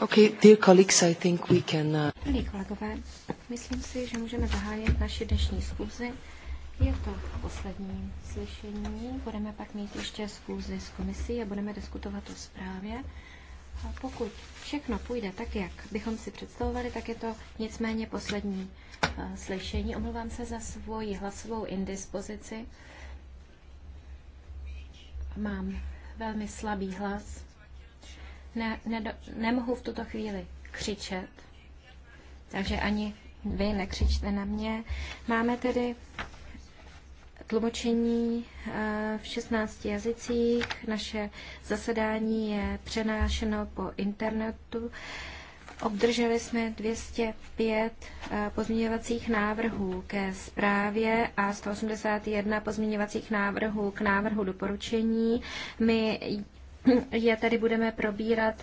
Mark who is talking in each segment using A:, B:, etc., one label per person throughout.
A: Okay, dear colleagues, I think we can... Uh,
B: Milí kolegové, myslím si, že můžeme zahájit naši dnešní schůzi. Je to poslední slyšení. Budeme pak mít ještě schůzi s komisí a budeme diskutovat o zprávě. A pokud všechno půjde tak, jak bychom si představovali, tak je to nicméně poslední uh, slyšení. Omlouvám se za svoji hlasovou indispozici. Mám velmi slabý hlas ne, ne, nemohu v tuto chvíli křičet, takže ani vy nekřičte na mě. Máme tedy tlumočení eh, v 16 jazycích. Naše zasedání je přenášeno po internetu. Obdrželi jsme 205 eh, pozměňovacích návrhů ke zprávě a 181 pozměňovacích návrhů k návrhu doporučení. My je tedy budeme probírat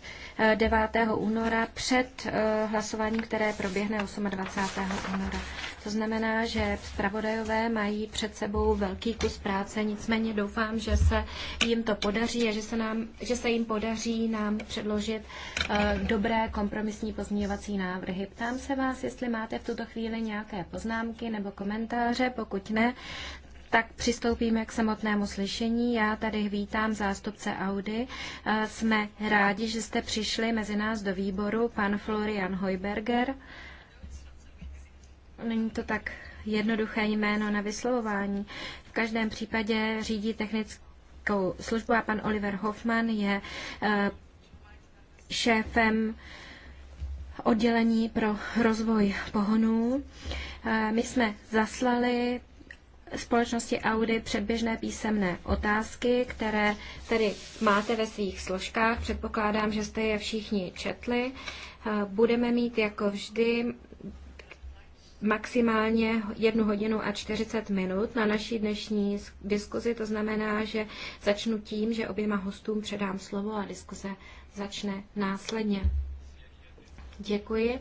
B: 9. Eh, února před eh, hlasováním, které proběhne 28. února. To znamená, že zpravodajové mají před sebou velký kus práce, nicméně doufám, že se jim to podaří a že se, nám, že se jim podaří nám předložit eh, dobré kompromisní pozměňovací návrhy. Ptám se vás, jestli máte v tuto chvíli nějaké poznámky nebo komentáře. Pokud ne, tak přistoupíme k samotnému slyšení. Já tady vítám zástupce Audi. Eh, jsme rádi, že jste přišli mezi nás do výboru, pan Florian Hojberger. Není to tak jednoduché jméno na vyslovování. V každém případě řídí technickou službu a pan Oliver Hoffman je eh, šéfem oddělení pro rozvoj pohonů. Eh, my jsme zaslali společnosti Audi předběžné písemné otázky, které tedy máte ve svých složkách. Předpokládám, že jste je všichni četli. Eh, budeme mít jako vždy maximálně jednu hodinu a 40 minut na naší dnešní diskuzi. To znamená, že začnu tím, že oběma hostům předám slovo a diskuze začne následně. Děkuji.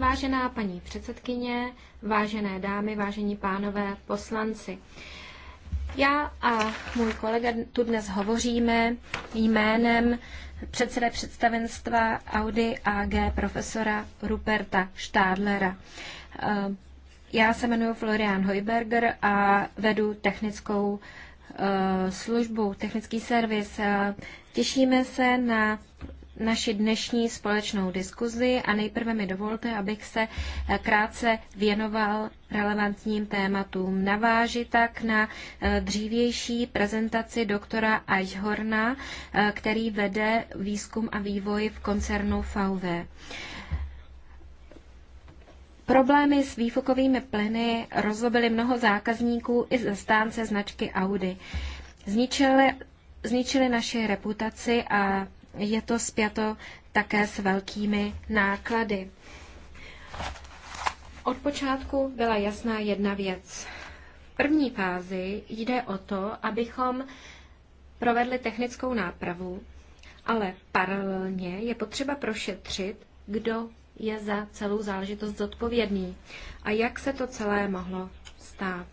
B: Vážená paní předsedkyně, vážené dámy, vážení pánové poslanci, já a můj kolega tu dnes hovoříme jménem předsede představenstva Audi AG profesora Ruperta Stadlera. Eh, já se jmenuji Florian Heuberger a vedu technickou eh, službu, technický servis. Eh, těšíme se na naši dnešní společnou diskuzi a nejprve mi dovolte, abych se eh, krátce věnoval relevantním tématům. Naváži tak na eh, dřívější prezentaci doktora Eichhorna, eh, který vede výzkum a vývoj v koncernu VV. Problémy s výfukovými plyny rozlobily mnoho zákazníků i zastánce značky Audi. Zničily, zničili naši reputaci a je to spjato také s velkými náklady. Od počátku byla jasná jedna věc. V první fázi jde o to, abychom provedli technickou nápravu, ale paralelně je potřeba prošetřit, kdo je za celou záležitost zodpovědný a jak se to celé mohlo stát.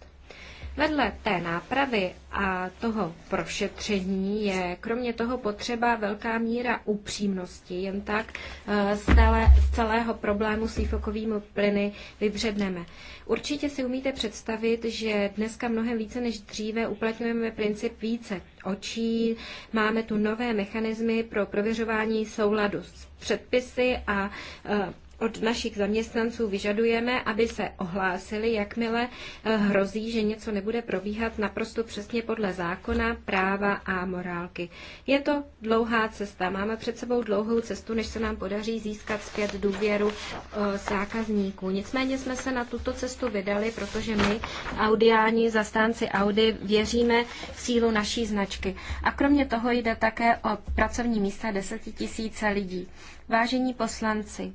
B: Vedle té nápravy a toho prošetření je kromě toho potřeba velká míra upřímnosti. Jen tak eh, z, celé, z celého problému s výfokovými plyny vybředneme. Určitě si umíte představit, že dneska mnohem více než dříve uplatňujeme princip více očí, máme tu nové mechanismy pro prověřování souladu s předpisy a eh, od našich zaměstnanců vyžadujeme, aby se ohlásili, jakmile eh, hrozí, že něco nebude probíhat naprosto přesně podle zákona, práva a morálky. Je to dlouhá cesta. Máme před sebou dlouhou cestu, než se nám podaří získat zpět důvěru eh, zákazníků. Nicméně jsme se na tuto cestu vydali, protože my, audiáni, zastánci Audi, věříme v sílu naší značky. A kromě toho jde také o pracovní místa 10 tisíce lidí. Vážení poslanci,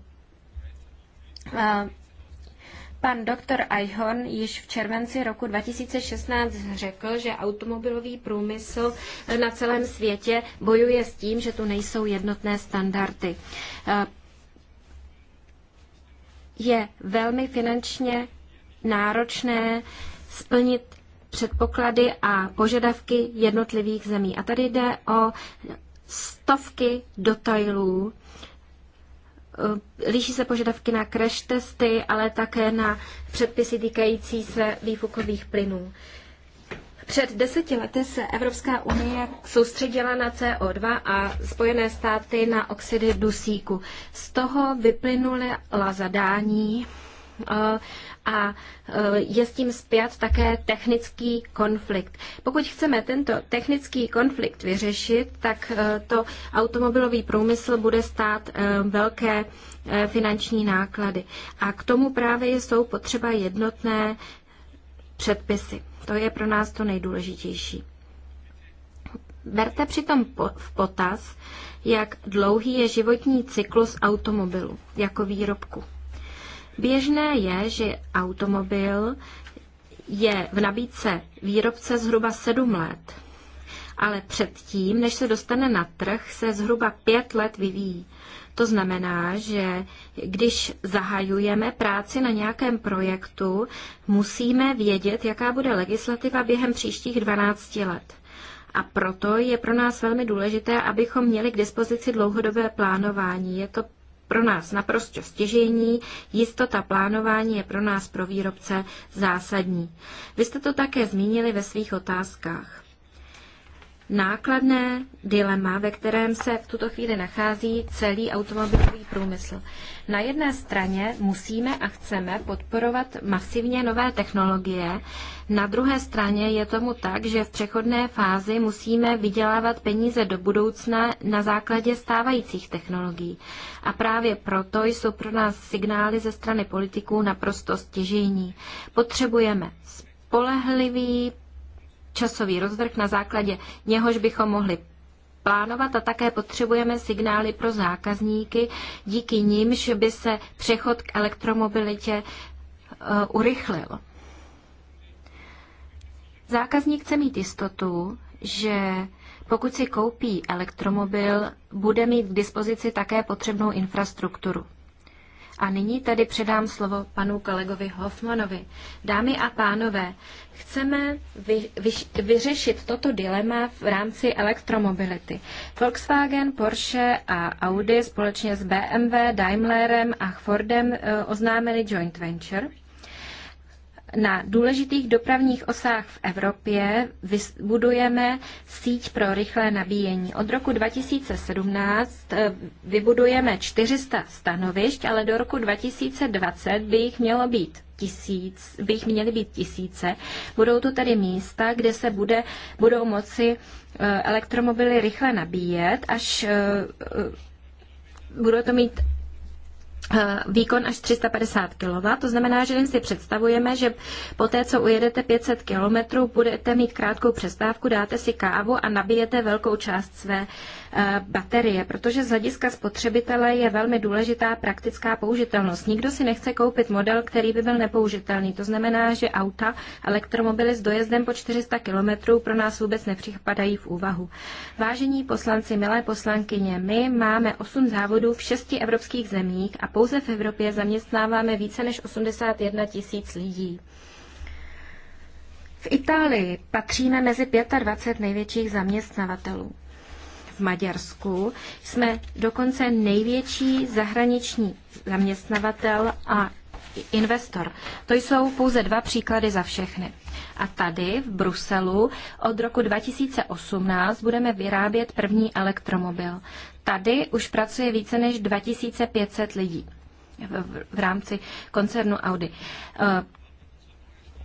B: Pan doktor Eichhorn již v červenci roku 2016 řekl, že automobilový průmysl na celém světě bojuje s tím, že tu nejsou jednotné standardy. Je velmi finančně náročné splnit předpoklady a požadavky jednotlivých zemí. A tady jde o stovky detailů, Eh, liší se požadavky na crash testy, ale také na předpisy týkající se výfukových plynů. Před deseti lety se Evropská unie soustředila na CO2 a Spojené státy na oxidy dusíku. Z toho vyplynula zadání eh, a e, je s tím zpět také technický konflikt. Pokud chceme tento technický konflikt vyřešit, tak e, to automobilový průmysl bude stát e, velké finanční náklady. A k tomu právě jsou potřeba jednotné předpisy. To je pro nás to nejdůležitější. Berte přitom v potaz, jak dlouhý je životní cyklus automobilu jako výrobku. Běžné je, že automobil je v nabídce výrobce zhruba 7 let, ale předtím, než se dostane na trh, se zhruba 5 let vyvíjí. To znamená, že když zahajujeme práci na nějakém projektu, musíme vědět, jaká bude legislativa během příštích 12 let. A proto je pro nás velmi důležité, abychom měli k dispozici dlouhodobé plánování. Je to pro nás naprosto stěžení, jistota plánování je pro nás pro výrobce zásadní. Vy jste to také zmínili ve svých otázkách nákladné dilema, ve kterém se v tuto chvíli nachází celý automobilový průmysl. Na jedné straně musíme a chceme podporovat masivně nové technologie, na druhé straně je tomu tak, že v přechodné fázi musíme vydělávat peníze do budoucna na základě stávajících technologií. A právě proto jsou pro nás signály ze strany politiků naprosto stěžení. Potřebujeme spolehlivý časový rozvrh, na základě něhož bychom mohli plánovat a také potřebujeme signály pro zákazníky, díky nímž by se přechod k elektromobilitě eh, urychlil. Zákazník chce mít jistotu, že pokud si koupí elektromobil, bude mít k dispozici také potřebnou infrastrukturu. A nyní tedy předám slovo panu kolegovi Hoffmanovi. Dámy a pánové, chceme vy, vy, vyřešit toto dilema v rámci elektromobility. Volkswagen, Porsche a Audi společně s BMW, Daimlerem a Fordem eh, oznámili joint venture – na důležitých dopravních osách v Evropě vybudujeme síť pro rychlé nabíjení. Od roku 2017 eh, vybudujeme 400 stanovišť, ale do roku 2020 by jich mělo být tisíc, by jich měly být tisíce. Budou to tedy místa, kde se bude, budou moci eh, elektromobily rychle nabíjet, až eh, budou to mít Eh, výkon až 350 kW. To znamená, že si představujeme, že po té, co ujedete 500 km, budete mít krátkou přestávku, dáte si kávu a nabijete velkou část své eh, baterie, protože z hlediska spotřebitele je velmi důležitá praktická použitelnost. Nikdo si nechce koupit model, který by byl nepoužitelný. To znamená, že auta, elektromobily s dojezdem po 400 km pro nás vůbec nepřipadají v úvahu. Vážení poslanci, milé poslankyně, my máme 8 závodů v 6 evropských zemích a pouze v Evropě zaměstnáváme více než 81 tisíc lidí. V Itálii patříme mezi 25 největších zaměstnavatelů. V Maďarsku jsme dokonce největší zahraniční zaměstnavatel a investor. To jsou pouze dva příklady za všechny. A tady v Bruselu od roku 2018 budeme vyrábět první elektromobil. Tady už pracuje více než 2500 lidí v, v rámci koncernu Audi. Eh,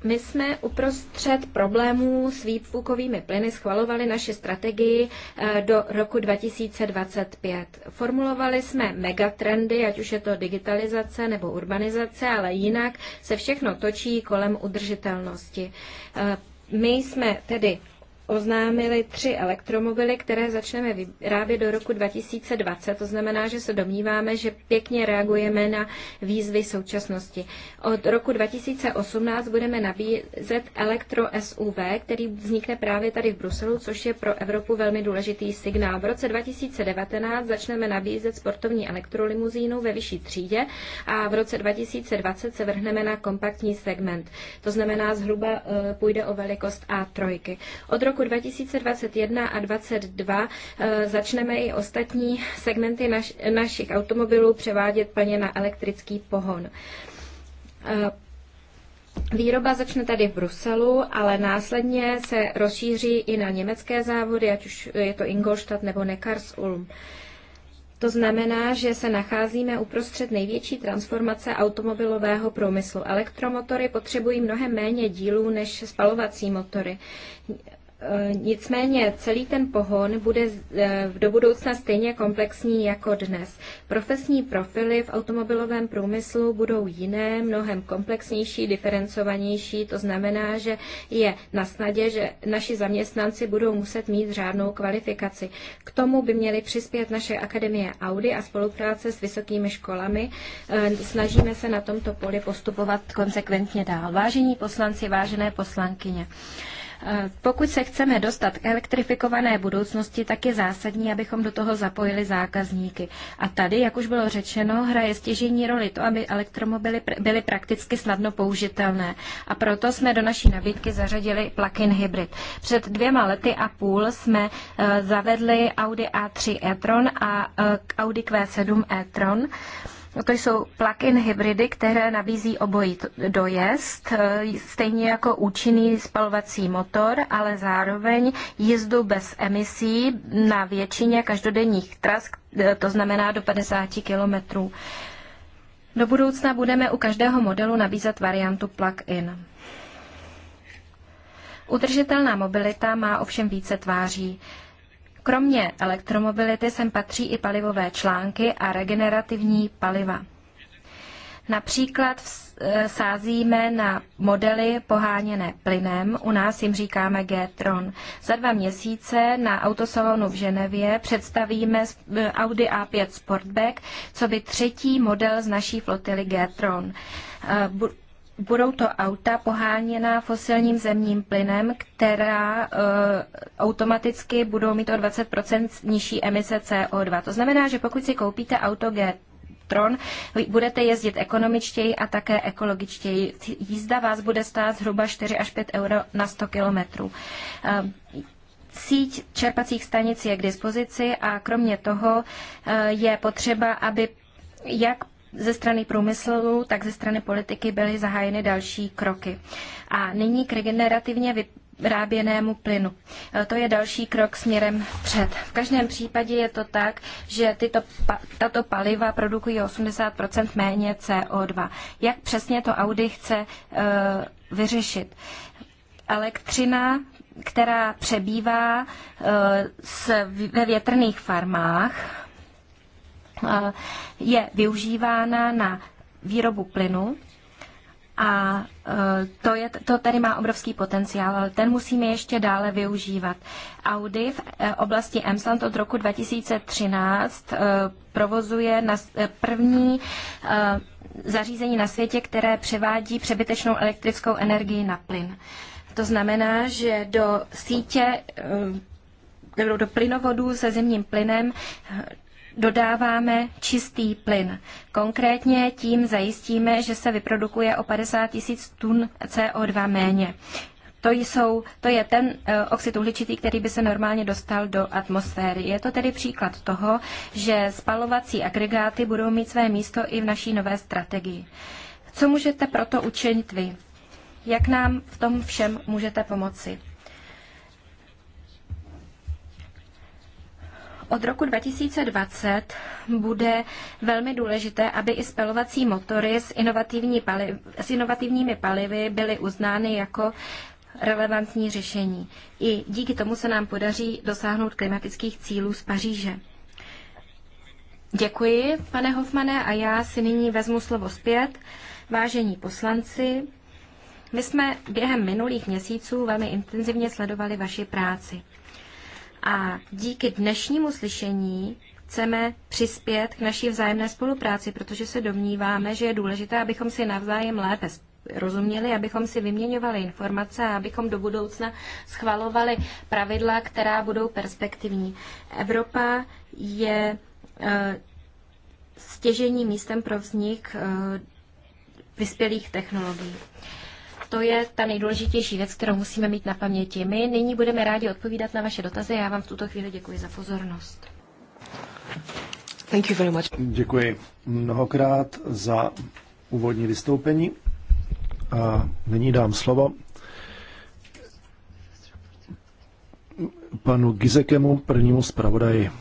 B: my jsme uprostřed problémů s výfukovými plyny schvalovali naši strategii eh, do roku 2025. Formulovali jsme megatrendy, ať už je to digitalizace nebo urbanizace, ale jinak se všechno točí kolem udržitelnosti. Eh, my jsme tedy oznámili tři elektromobily, které začneme vyrábět do roku 2020. To znamená, že se domníváme, že pěkně reagujeme na výzvy současnosti. Od roku 2018 budeme nabízet elektro SUV, který vznikne právě tady v Bruselu, což je pro Evropu velmi důležitý signál. V roce 2019 začneme nabízet sportovní elektrolimuzínu ve vyšší třídě a v roce 2020 se vrhneme na kompaktní segment. To znamená, zhruba eh, půjde o velikost A3. Od roku roku 2021 a 2022 eh, začneme i ostatní segmenty naš, našich automobilů převádět plně na elektrický pohon. Eh, výroba začne tady v Bruselu, ale následně se rozšíří i na německé závody, ať už je to Ingolstadt nebo Neckarsulm. To znamená, že se nacházíme uprostřed největší transformace automobilového průmyslu. Elektromotory potřebují mnohem méně dílů než spalovací motory. Eh, nicméně celý ten pohon bude eh, do budoucna stejně komplexní jako dnes. Profesní profily v automobilovém průmyslu budou jiné, mnohem komplexnější, diferencovanější. To znamená, že je na snadě, že naši zaměstnanci budou muset mít řádnou kvalifikaci. K tomu by měly přispět naše akademie Audi a spolupráce s vysokými školami. Eh, snažíme se na tomto poli postupovat konsekventně dál. Vážení poslanci, vážené poslankyně. Eh, pokud se chceme dostat k elektrifikované budoucnosti, tak je zásadní, abychom do toho zapojili zákazníky. A tady, jak už bylo řečeno, hraje stěžení roli to, aby elektromobily byly prakticky snadno použitelné. A proto jsme do naší nabídky zařadili plug-in hybrid. Před dvěma lety a půl jsme eh, zavedli Audi A3 e-tron a eh, Audi Q7 e-tron. To jsou plug-in hybridy, které nabízí obojí dojezd, e, stejně jako účinný spalovací motor, ale zároveň jízdu bez emisí na většině každodenních tras, e, to znamená do 50 kilometrů. Do budoucna budeme u každého modelu nabízet variantu plug-in. Udržitelná mobilita má ovšem více tváří. Kromě elektromobility sem patří i palivové články a regenerativní paliva. Například e, sázíme na modely poháněné plynem, u nás jim říkáme G-Tron. Za dva měsíce na autosalonu v Ženevě představíme e, Audi A5 Sportback, co by třetí model z naší flotily G-Tron. E, budou to auta poháněná fosilním zemním plynem, která e, automaticky budou mít o 20 nižší emise CO2. To znamená, že pokud si koupíte auto G Tron, budete jezdit ekonomičtěji a také ekologičtěji. Jízda vás bude stát zhruba 4 až 5 euro na 100 kilometrů. Eh, síť čerpacích stanic je k dispozici a kromě toho eh, je potřeba, aby jak ze strany průmyslu, tak ze strany politiky byly zahájeny další kroky. A nyní k regenerativně vyráběnému plynu. E, to je další krok směrem před. V každém případě je to tak, že tyto, tato paliva produkují 80 méně CO2. Jak přesně to Audi chce uh, vyřešit? Elektřina která přebývá uh, s, ve větrných farmách, je využívána na výrobu plynu a e, to, je, to tady má obrovský potenciál, ale ten musíme ještě dále využívat. Audi v e, oblasti Emsland od roku 2013 e, provozuje na první zařízení na světě, které převádí přebytečnou elektrickou energii na plyn. To znamená, že do sítě, do plynovodů se zemním plynem dodáváme čistý plyn. Konkrétně tím zajistíme, že se vyprodukuje o 50 tisíc tun CO2 méně. To, jsou, to je ten eh, oxid uhličitý, který by se normálně dostal do atmosféry. Je to tedy příklad toho, že spalovací agregáty budou mít své místo i v naší nové strategii. Co můžete proto učinit vy? Jak nám v tom všem můžete pomoci? Od roku 2020 bude velmi důležité, aby i spalovací motory s, inovativní s inovativními palivy byly uznány jako relevantní řešení. I díky tomu se nám podaří dosáhnout klimatických cílů z Paříže. Děkuji, pane Hofmane, a já si nyní vezmu slovo zpět. Vážení poslanci, my jsme během minulých měsíců velmi intenzivně sledovali vaši práci. A díky dnešnímu slyšení chceme přispět k naší vzájemné spolupráci, protože se domníváme, že je důležité, abychom si navzájem lépe rozuměli, abychom si vyměňovali informace a abychom do budoucna schvalovali pravidla, která budou perspektivní. Evropa je e, stěžení místem pro vznik e, vyspělých technologií to je ta nejdůležitější věc, kterou musíme mít na paměti. My nyní budeme rádi odpovídat na vaše dotazy. Já vám v tuto chvíli děkuji za pozornost.
A: Thank you very much. Děkuji mnohokrát za úvodní vystoupení. A nyní dám slovo panu Gizekemu, prvnímu zpravodaji.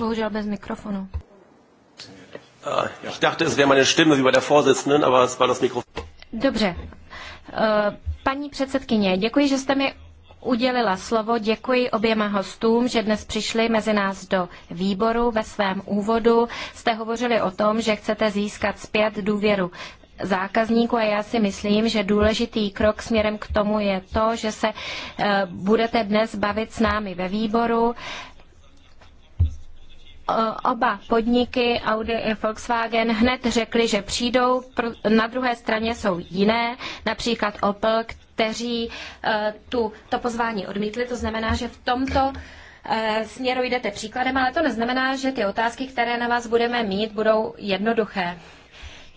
B: Bohužel bez mikrofonu.
A: Äh, ich dachte, es wäre meine Stimme wie bei der Vorsitzenden, aber es war das Mikrofon.
B: Dobře. Äh, paní předsedkyně, děkuji, že jste mi udělila slovo. Děkuji oběma hostům, že dnes přišli mezi nás do výboru. Ve svém úvodu jste hovořili o tom, že chcete získat zpět důvěru zákazníků a já si myslím, že důležitý krok směrem k tomu je to, že se eh, budete dnes bavit s námi ve výboru oba podniky Audi i Volkswagen hned řekly, že přijdou. Na druhé straně jsou jiné, například Opel, kteří e, tu, to pozvání odmítli. To znamená, že v tomto e, směru jdete příkladem, ale to neznamená, že ty otázky, které na vás budeme mít, budou jednoduché.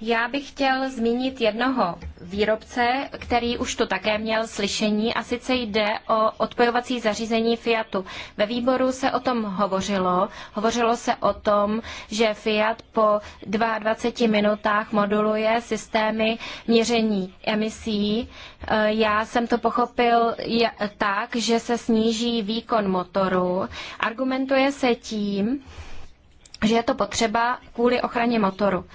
B: Já bych chtěl zmínit jednoho výrobce, který už tu také měl slyšení a sice jde o odpojovací zařízení Fiatu. Ve výboru se o tom hovořilo. Hovořilo se o tom, že Fiat po 22 minutách moduluje systémy měření emisí. Eh, já jsem to pochopil tak, že se sníží výkon motoru. Argumentuje se tím, že je to potřeba kvůli ochraně motoru.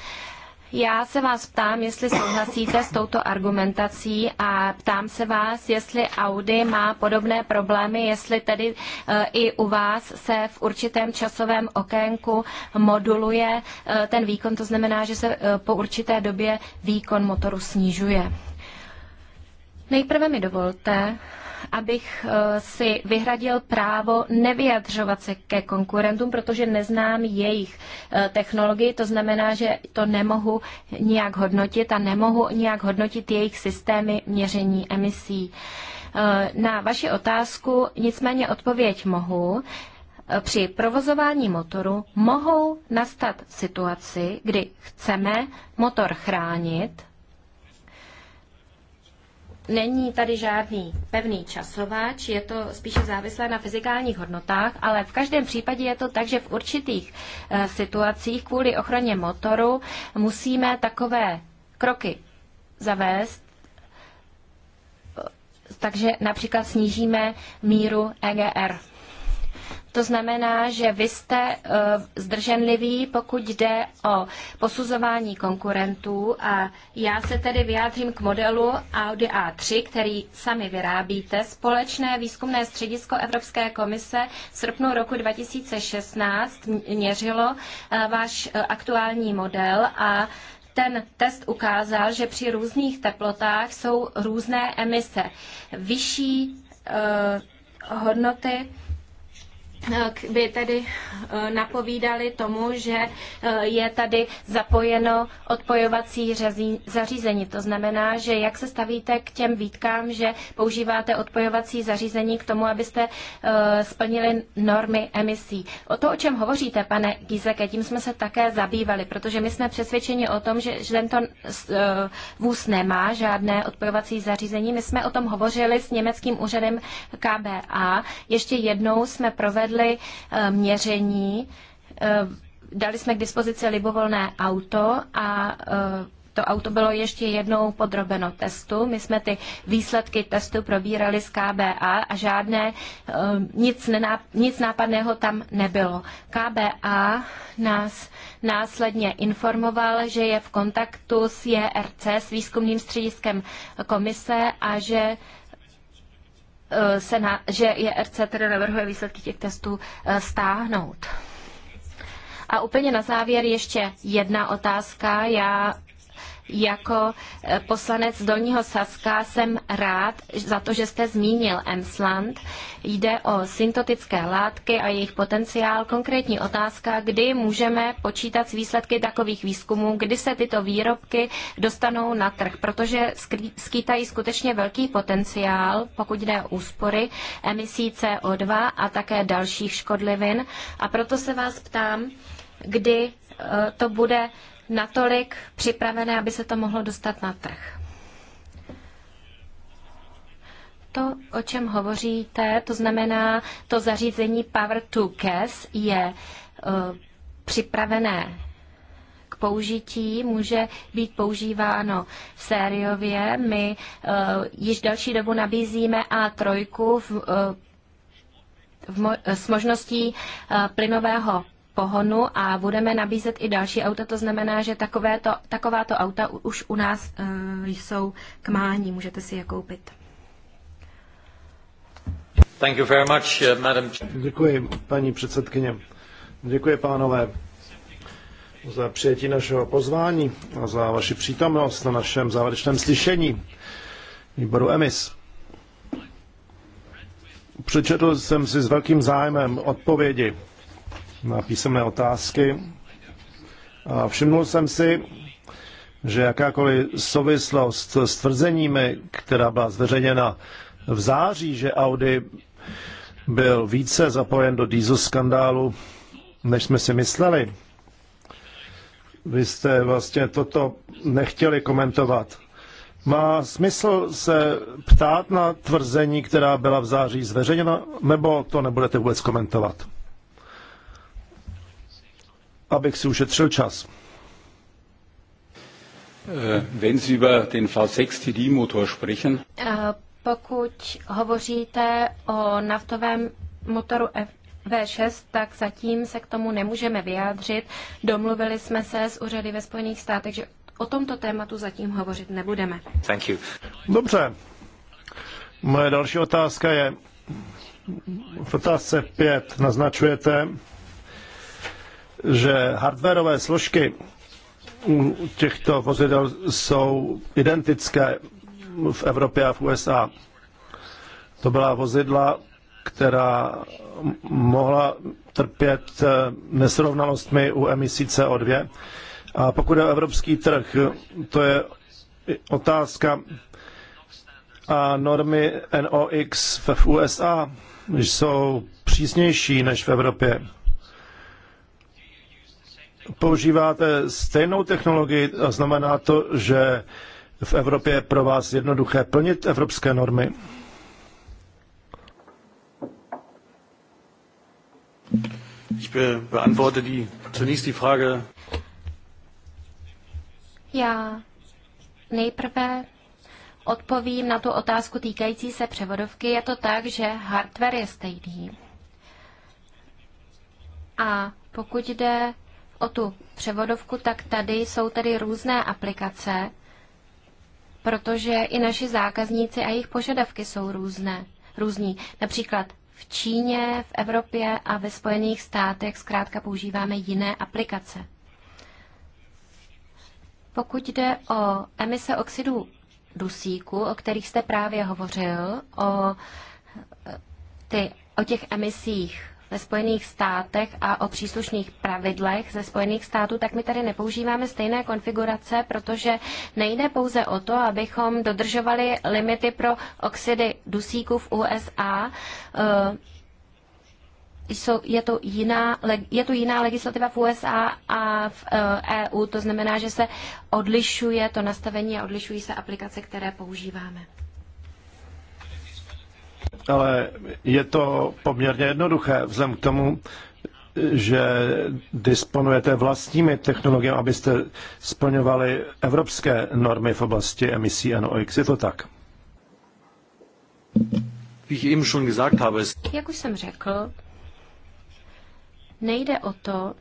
B: Já se vás ptám, jestli souhlasíte s touto argumentací a ptám se vás, jestli Audi má podobné problémy, jestli tedy eh, i u vás se v určitém časovém okénku moduluje eh, ten výkon, to znamená, že se eh, po určité době výkon motoru snižuje. Nejprve mi dovolte, abych eh, si vyhradil právo nevyjadřovat se ke konkurentům, protože neznám jejich eh, technologii. To znamená, že to nemohu nijak hodnotit a nemohu nijak hodnotit jejich systémy měření emisí. Eh, na vaši otázku nicméně odpověď mohu při provozování motoru mohou nastat situaci, kdy chceme motor chránit Není tady žádný pevný časováč, je to spíše závislé na fyzikálních hodnotách, ale v každém případě je to tak, že v určitých eh, situacích kvůli ochraně motoru musíme takové kroky zavést, eh, takže například snížíme míru EGR. To znamená, že vy jste eh, zdrženliví, pokud jde o posuzování konkurentů a já se tedy vyjádřím k modelu Audi A3, který sami vyrábíte. Společné výzkumné středisko Evropské komise v srpnu roku 2016 měřilo eh, váš eh, aktuální model a ten test ukázal, že při různých teplotách jsou různé emise. Vyšší hodnoty by tedy eh, napovídali tomu, že eh, je tady zapojeno odpojovací zařízení. To znamená, že jak se stavíte k těm výtkám, že používáte odpojovací zařízení k tomu, abyste eh, splnili normy emisí. O to, o čem hovoříte, pane Gizeke, tím jsme se také zabývali, protože my jsme přesvědčeni o tom, že tento vůz nemá žádné odpojovací zařízení. My jsme o tom hovořili s německým úřadem KBA. Ještě jednou jsme provedli provedli eh, měření, eh, dali jsme k dispozici libovolné auto a eh, to auto bylo ještě jednou podrobeno testu. My jsme ty výsledky testu probírali z KBA a žádné, nic, nená, nic nápadného tam nebylo. KBA nás následně informoval, že je v kontaktu s JRC, s výzkumným střediskem komise a že Eh, na, že JRC tedy navrhuje výsledky těch testů eh, stáhnout. A úplně na závěr ještě jedna otázka. Já jako eh, poslanec Dolního Saska jsem rád za to, že jste zmínil Emsland. Jde o syntetické látky a jejich potenciál. Konkrétní otázka, kdy můžeme počítat s výsledky takových výzkumů, kdy se tyto výrobky dostanou na trh, protože skýtají skutečně velký potenciál, pokud jde o úspory emisí CO2 a také dalších škodlivin. A proto se vás ptám, kdy eh, to bude natolik připravené, aby se to mohlo dostat na trh. To, o čem hovoříte, to znamená, to zařízení Power to Gas je uh, připravené k použití, může být používáno sériově. My uh, již další dobu nabízíme A3 v, uh, v mo- s možností uh, plynového pohonu a budeme nabízet i další auta. To znamená, že takovéto, takováto auta už u nás uh, jsou k mání, můžete si je koupit.
A: Thank you very much, eh, madam. Děkuji, paní předsedkyně. Děkuji, pánové, za přijetí našeho pozvání a za vaši přítomnost na našem závěrečném slyšení výboru EMIS. Přečetl jsem si s velkým zájmem odpovědi na písemné otázky. A všimnul jsem si, že jakákoliv souvislost s tvrzeními, která byla zveřejněna v září, že Audi byl více zapojen do diesel skandálu, než jsme si mysleli. Vy jste vlastně toto nechtěli komentovat. Má smysl se ptát na tvrzení, která byla v září zveřejněna, nebo to nebudete vůbec komentovat? abych si ušetřil čas.
C: Äh, wenn Sie über den V6 motor sprechen.
B: Äh, pokud hovoříte o naftovém motoru F V6, tak zatím se k tomu nemůžeme vyjádřit. Domluvili jsme se s úřady ve Spojených státech, že o tomto tématu zatím hovořit nebudeme.
A: Thank you. Dobře. Moje další otázka je, v otázce 5 naznačujete, že hardwareové složky těchto vozidel jsou identické v Evropě a v USA. To byla vozidla, která mohla trpět eh, nesrovnalostmi u emisí CO2. A pokud je o evropský trh, to je otázka a normy NOx v USA jsou přísnější než v Evropě používáte stejnou technologii a znamená to, že v Evropě je pro vás jednoduché plnit evropské normy? Ich beantworte die, zunächst die Frage.
B: Já nejprve odpovím na tu otázku týkající se převodovky. Je to tak, že hardware je stejný. A pokud jde o tu převodovku, tak tady jsou tedy různé aplikace, protože i naši zákazníci a jejich požadavky jsou různé, různí. Například v Číně, v Evropě a ve Spojených státech zkrátka používáme jiné aplikace. Pokud jde o emise oxidu dusíku, o kterých jste právě hovořil, o, ty, o těch emisích ve Spojených státech a o příslušných pravidlech ze Spojených států, tak my tady nepoužíváme stejné konfigurace, protože nejde pouze o to, abychom dodržovali limity pro oxidy dusíku v USA. Eh, jsou, je, to jiná, je to jiná legislativa v USA a v EU, eh, e to znamená, že se odlišuje to nastavení a odlišují se aplikace, které používáme
A: ale je to poměrně jednoduché vzhledem k tomu, že disponujete vlastními technologiemi, abyste splňovali evropské normy v oblasti emisí NOx. Je to tak?
B: Jak už jsem řekl, nejde o to,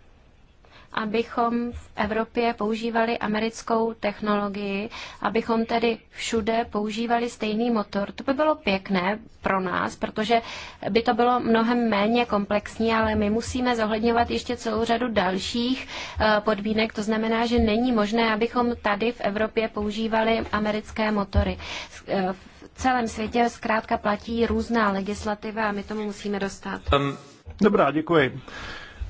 B: abychom v Evropě používali americkou technologii, abychom tedy všude používali stejný motor. To by bylo pěkné pro nás, protože by to bylo mnohem méně komplexní, ale my musíme zohledňovat ještě celou řadu dalších eh, podmínek. To znamená, že není možné, abychom tady v Evropě používali americké motory. Eh, v celém světě zkrátka platí různá legislativa a my tomu musíme dostat.
A: Dobrá, děkuji.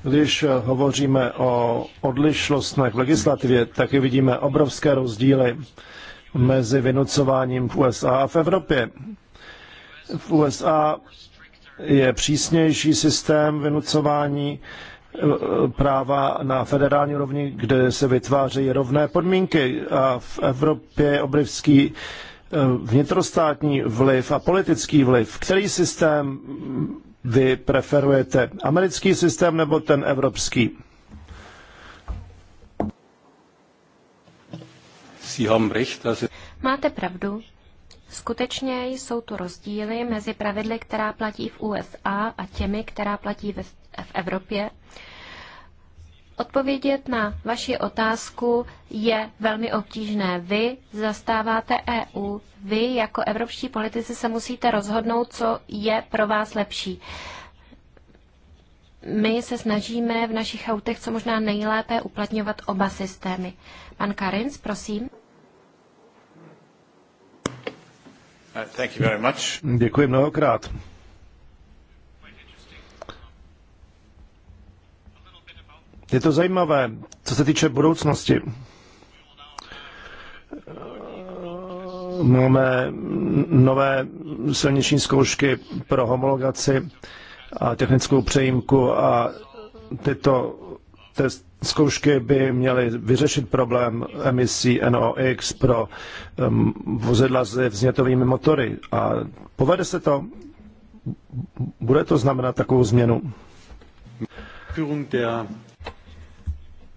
A: Když hovoříme o odlišnostech v legislativě, taky vidíme obrovské rozdíly mezi vynucováním v USA a v Evropě. V USA je přísnější systém vynucování eh, práva na federální rovni, kde se vytvářejí rovné podmínky a v Evropě je obrovský eh, vnitrostátní vliv a politický vliv. Který systém vy preferujete americký systém nebo ten evropský?
B: Máte pravdu. Skutečně jsou tu rozdíly mezi pravidly, která platí v USA a těmi, která platí v Evropě. Odpovědět na vaši otázku je velmi obtížné. Vy zastáváte EU, vy jako evropští politici se musíte rozhodnout, co je pro vás lepší. My se snažíme v našich autech co možná nejlépe uplatňovat oba systémy. Pan Karins, prosím.
A: Uh, Děkuji mnohokrát. Je to zajímavé, co se týče budoucnosti. Máme nové silniční zkoušky pro homologaci a technickou přejímku a tyto test, zkoušky by měly vyřešit problém emisí NOx pro um, vozidla s vznětovými motory. A povede se to? Bude to znamenat takovou změnu?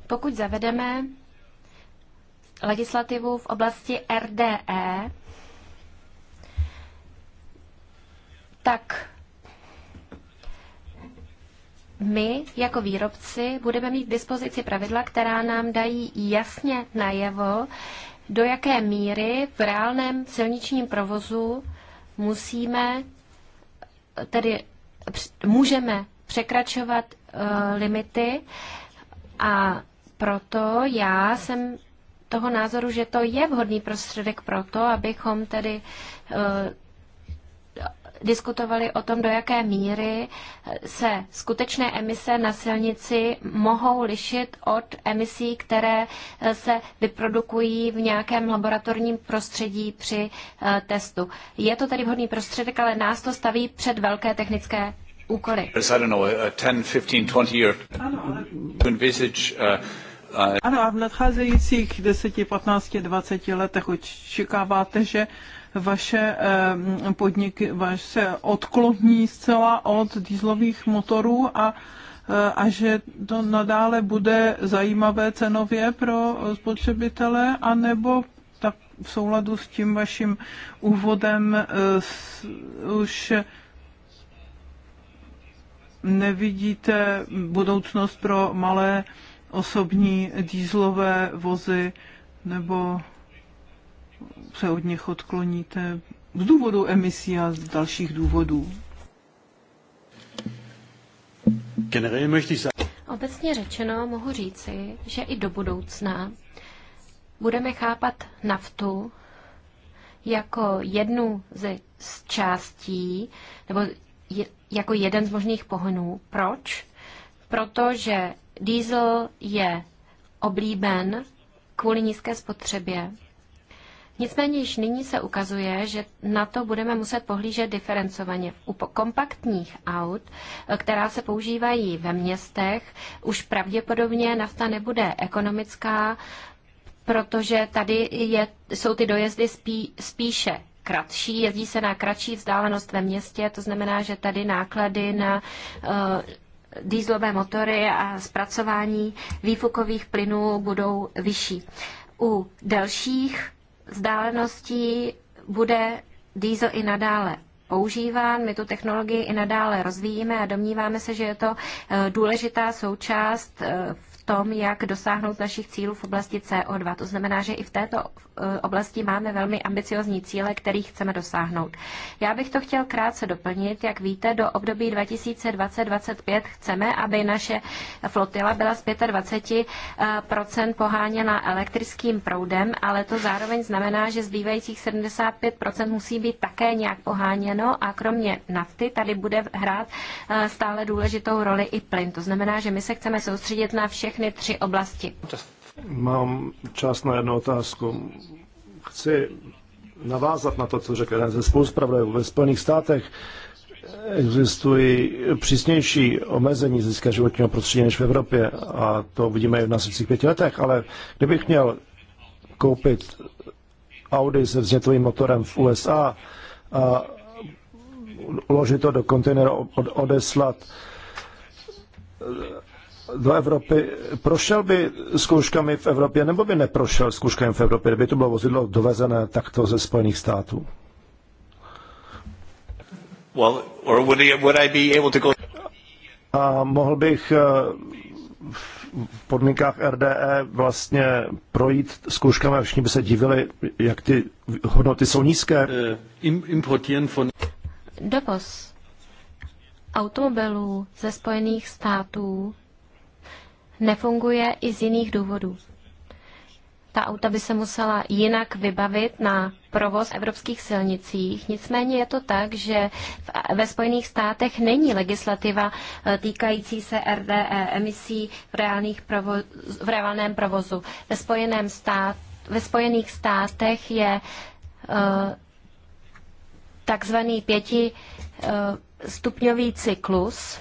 B: Pokud zavedeme legislativu v oblasti RDE, tak my jako výrobci budeme mít k dispozici pravidla, která nám dají jasně najevo, do jaké míry v reálném silničním provozu musíme, tedy můžeme překračovat uh, limity a proto já jsem toho názoru, že to je vhodný prostředek pro to, abychom tedy eh, diskutovali o tom, do jaké míry se skutečné emise na silnici mohou lišit od emisí, které eh, se vyprodukují v nějakém laboratorním prostředí při eh, testu. Je to tedy vhodný prostředek, ale nás to staví před velké technické úkoly.
C: Ano, ale... Ano, a v nadcházejících 10, 15, 20 letech očekáváte, že vaše podniky vaše se odkloní zcela od dýzlových motorů a, e, a že to nadále bude zajímavé cenově pro spotřebitele, anebo tak v souladu s tím vaším úvodem e, s, už nevidíte budoucnost pro malé osobní dýzlové vozy nebo se od nich odkloníte z důvodu emisí a z dalších důvodů?
B: Obecně řečeno mohu říci, že i do budoucna budeme chápat naftu jako jednu ze z částí, nebo je, jako jeden z možných pohonů. Proč? Protože Diesel je oblíben kvůli nízké spotřebě. Nicméně již nyní se ukazuje, že na to budeme muset pohlížet diferencovaně. U kompaktních aut, která se používají ve městech, už pravděpodobně nafta nebude ekonomická, protože tady je, jsou ty dojezdy spí, spíše kratší, jezdí se na kratší vzdálenost ve městě, to znamená, že tady náklady na uh, dýzlové motory a zpracování výfukových plynů budou vyšší. U dalších vzdáleností bude diesel i nadále používán. My tu technologii i nadále rozvíjíme a domníváme se, že je to eh, důležitá součást eh, tom, jak dosáhnout našich cílů v oblasti CO2. To znamená, že i v této eh, oblasti máme velmi ambiciozní cíle, kterých chceme dosáhnout. Já bych to chtěl krátce doplnit. Jak víte, do období 2020-2025 chceme, aby naše flotila byla z 25 eh, poháněna elektrickým proudem, ale to zároveň znamená, že zbývajících 75 musí být také nějak poháněno a kromě nafty tady bude hrát eh, stále důležitou roli i plyn. To znamená, že my se chceme soustředit na všech všechny tři oblasti.
A: Mám čas na jednu otázku. Chci navázat na to, co řekl jeden ze spoluzpravodajů. Ve Spojených státech existují přísnější omezení získa životního prostředí než v Evropě a to vidíme i v následujících pěti letech, ale kdybych měl koupit Audi se vznětovým motorem v USA a uložit to do kontejneru, odeslat do Evropy, prošel by zkouškami v Evropě, nebo by neprošel zkouškami v Evropě, kdyby to bylo vozidlo dovezené takto ze Spojených států?
B: Well, or would I, would I be able to go...
A: A mohl bych eh, v podmínkách RDE vlastně projít zkouškami a všichni by se divili, jak ty hodnoty jsou nízké.
C: Eh,
B: Dovoz automobilů ze Spojených států nefunguje i z jiných důvodů. Ta auta by se musela jinak vybavit na provoz evropských silnicích. Nicméně je to tak, že ve Spojených státech není legislativa eh, týkající se RDE emisí v, reálných provoz, v reálném provozu. Ve, Spojeném stát, ve Spojených státech je eh, takzvaný pěti eh, stupňový cyklus.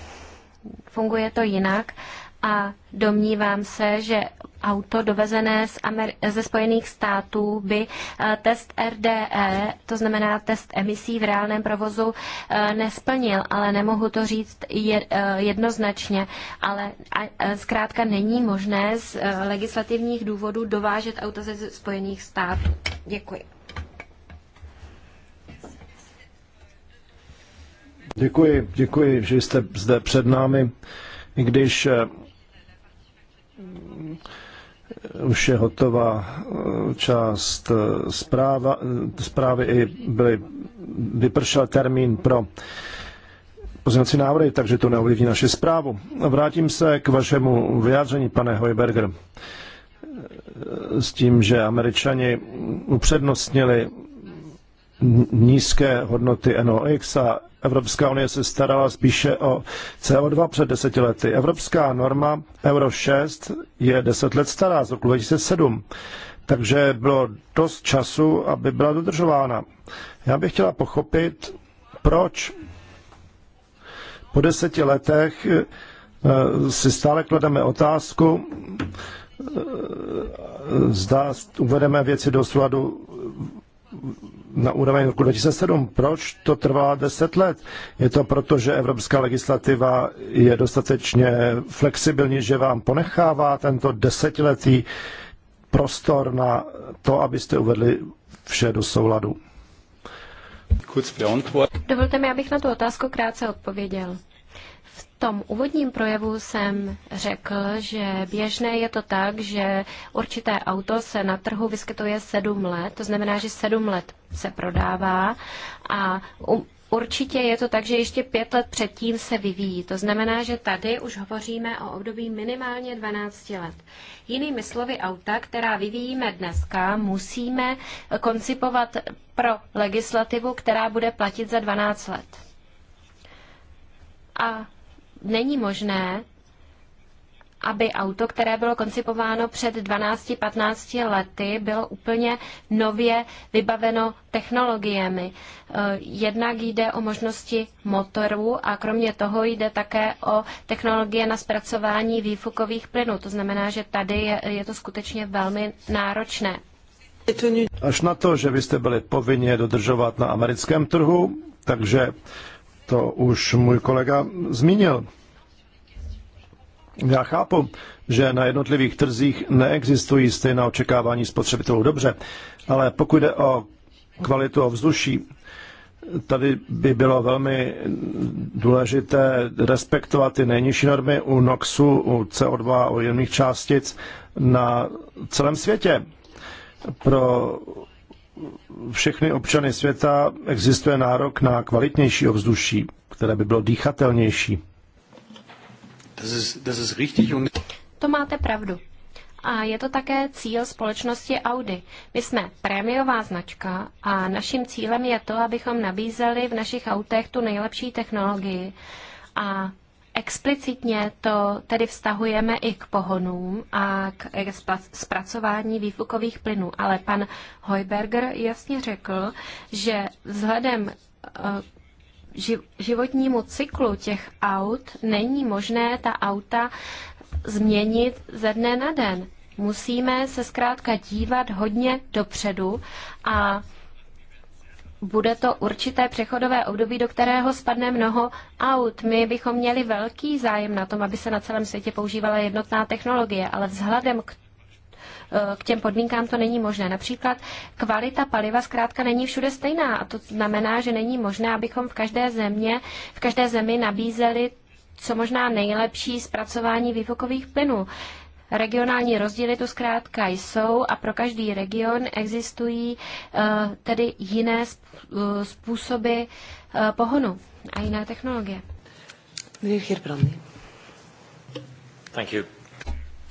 B: Funguje to jinak a domnívám se, že auto dovezené z Amer- ze Spojených států by eh, test RDE, to znamená test emisí v reálném provozu, eh, nesplnil, ale nemohu to říct eh, jednoznačně. Ale zkrátka není možné z legislativních důvodů dovážet auta ze Spojených států. Děkuji.
A: Děkuji, děkuji, že jste zde před námi, i když Mm. už je hotová eh, část zpráva, eh, eh, zprávy i byly, vypršel termín pro pozměňovací návrhy, takže to neovlivní naši zprávu. Vrátím se k vašemu vyjádření, pane Hojberger, s tím, že američani upřednostnili nízké hodnoty NOx a Evropská unie se starala spíše o CO2 před deseti lety. Evropská norma Euro 6 je deset let stará, z roku 2007, takže bylo dost času, aby byla dodržována. Já bych chtěla pochopit, proč po deseti letech eh, si stále klademe otázku, eh, zda uvedeme věci do sladu na úroveň roku 2007. Proč to trvá 10 let? Je to proto, že evropská legislativa je dostatečně flexibilní, že vám ponechává tento desetiletý prostor na to, abyste uvedli vše do souladu?
B: Dovolte mi, abych na tu otázku krátce odpověděl tom úvodním projevu jsem řekl, že běžné je to tak, že určité auto se na trhu vyskytuje sedm let, to znamená, že sedm let se prodává a Určitě je to tak, že ještě pět let předtím se vyvíjí. To znamená, že tady už hovoříme o období minimálně 12 let. Jinými slovy, auta, která vyvíjíme dneska, musíme koncipovat pro legislativu, která bude platit za 12 let. A není možné, aby auto, které bylo koncipováno před 12-15 lety, bylo úplně nově vybaveno technologiemi. E, jednak jde o možnosti motorů a kromě toho jde také o technologie na zpracování výfukových plynů. To znamená, že tady je, je to skutečně velmi náročné.
A: Až na to, že vy jste byli povinni dodržovat na americkém trhu, takže to už můj kolega zmínil. Já chápu, že na jednotlivých trzích neexistují stejná očekávání spotřebitelů. Dobře, ale pokud jde o kvalitu ovzduší, tady by bylo velmi důležité respektovat ty nejnižší normy u NOXu, u CO2, u jemných částic na celém světě. Pro všechny občany světa existuje nárok na kvalitnější ovzduší, které by bylo dýchatelnější.
B: To máte pravdu. A je to také cíl společnosti Audi. My jsme prémiová značka a naším cílem je to, abychom nabízeli v našich autech tu nejlepší technologii. A Explicitně to tedy vztahujeme i k pohonům a k zpracování výfukových plynů, ale pan Heuberger jasně řekl, že vzhledem eh, životnímu cyklu těch aut není možné ta auta změnit ze dne na den. Musíme se zkrátka dívat hodně dopředu a bude to určité přechodové období, do kterého spadne mnoho aut. My bychom měli velký zájem na tom, aby se na celém světě používala jednotná technologie, ale vzhledem k eh, k těm podmínkám to není možné. Například kvalita paliva zkrátka není všude stejná a to znamená, že není možné, abychom v každé země, v každé zemi nabízeli co možná nejlepší zpracování výfukových plynů. Regionální rozdíly tu zkrátka jsou a pro každý region existují eh, tedy jiné eh, způsoby eh, pohonu a jiné technologie.
C: Thank you.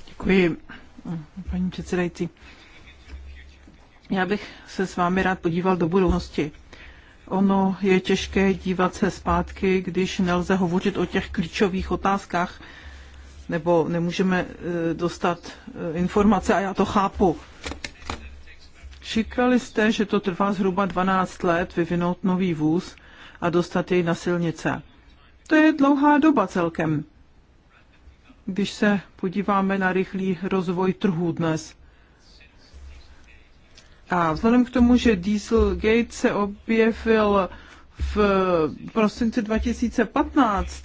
C: Děkuji, paní předsedající. Já bych se s vámi rád podíval do budoucnosti. Ono je těžké dívat se zpátky, když nelze hovořit o těch klíčových otázkách, nebo nemůžeme eh, dostat eh, informace a já to chápu. Říkali jste, že to trvá zhruba 12 let vyvinout nový vůz a dostat jej na silnice. To je dlouhá doba celkem, když se podíváme na rychlý rozvoj trhů dnes. A vzhledem k tomu, že Dieselgate se objevil v prosinci 2015,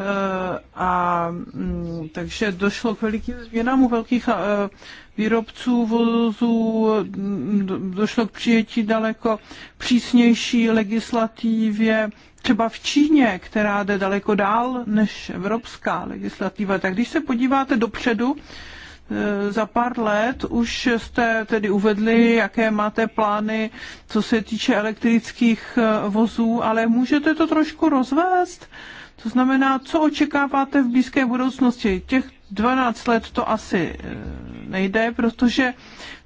C: Eh, a mm, takže došlo k velikým změnám u velkých eh, výrobců vozů, mm, došlo k přijetí daleko přísnější legislativě, třeba v Číně, která jde daleko dál než evropská legislativa. Tak když se podíváte dopředu, eh, za pár let už jste tedy uvedli, jaké máte plány, co se týče elektrických vozů, ale můžete to trošku rozvést? To znamená, co očekáváte v blízké budoucnosti? Těch 12 let to asi eh, nejde, protože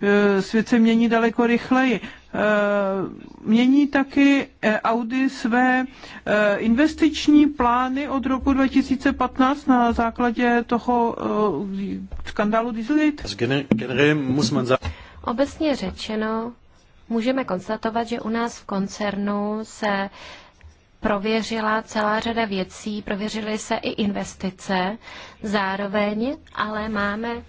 C: eh, svět se mění daleko rychleji. Eh, mění taky Audi své investiční plány od roku 2015 na základě toho skandálu Dieselgate?
B: Obecně řečeno, můžeme konstatovat, že u nás v koncernu se prověřila celá řada věcí, prověřily se i investice. Zároveň ale máme eh,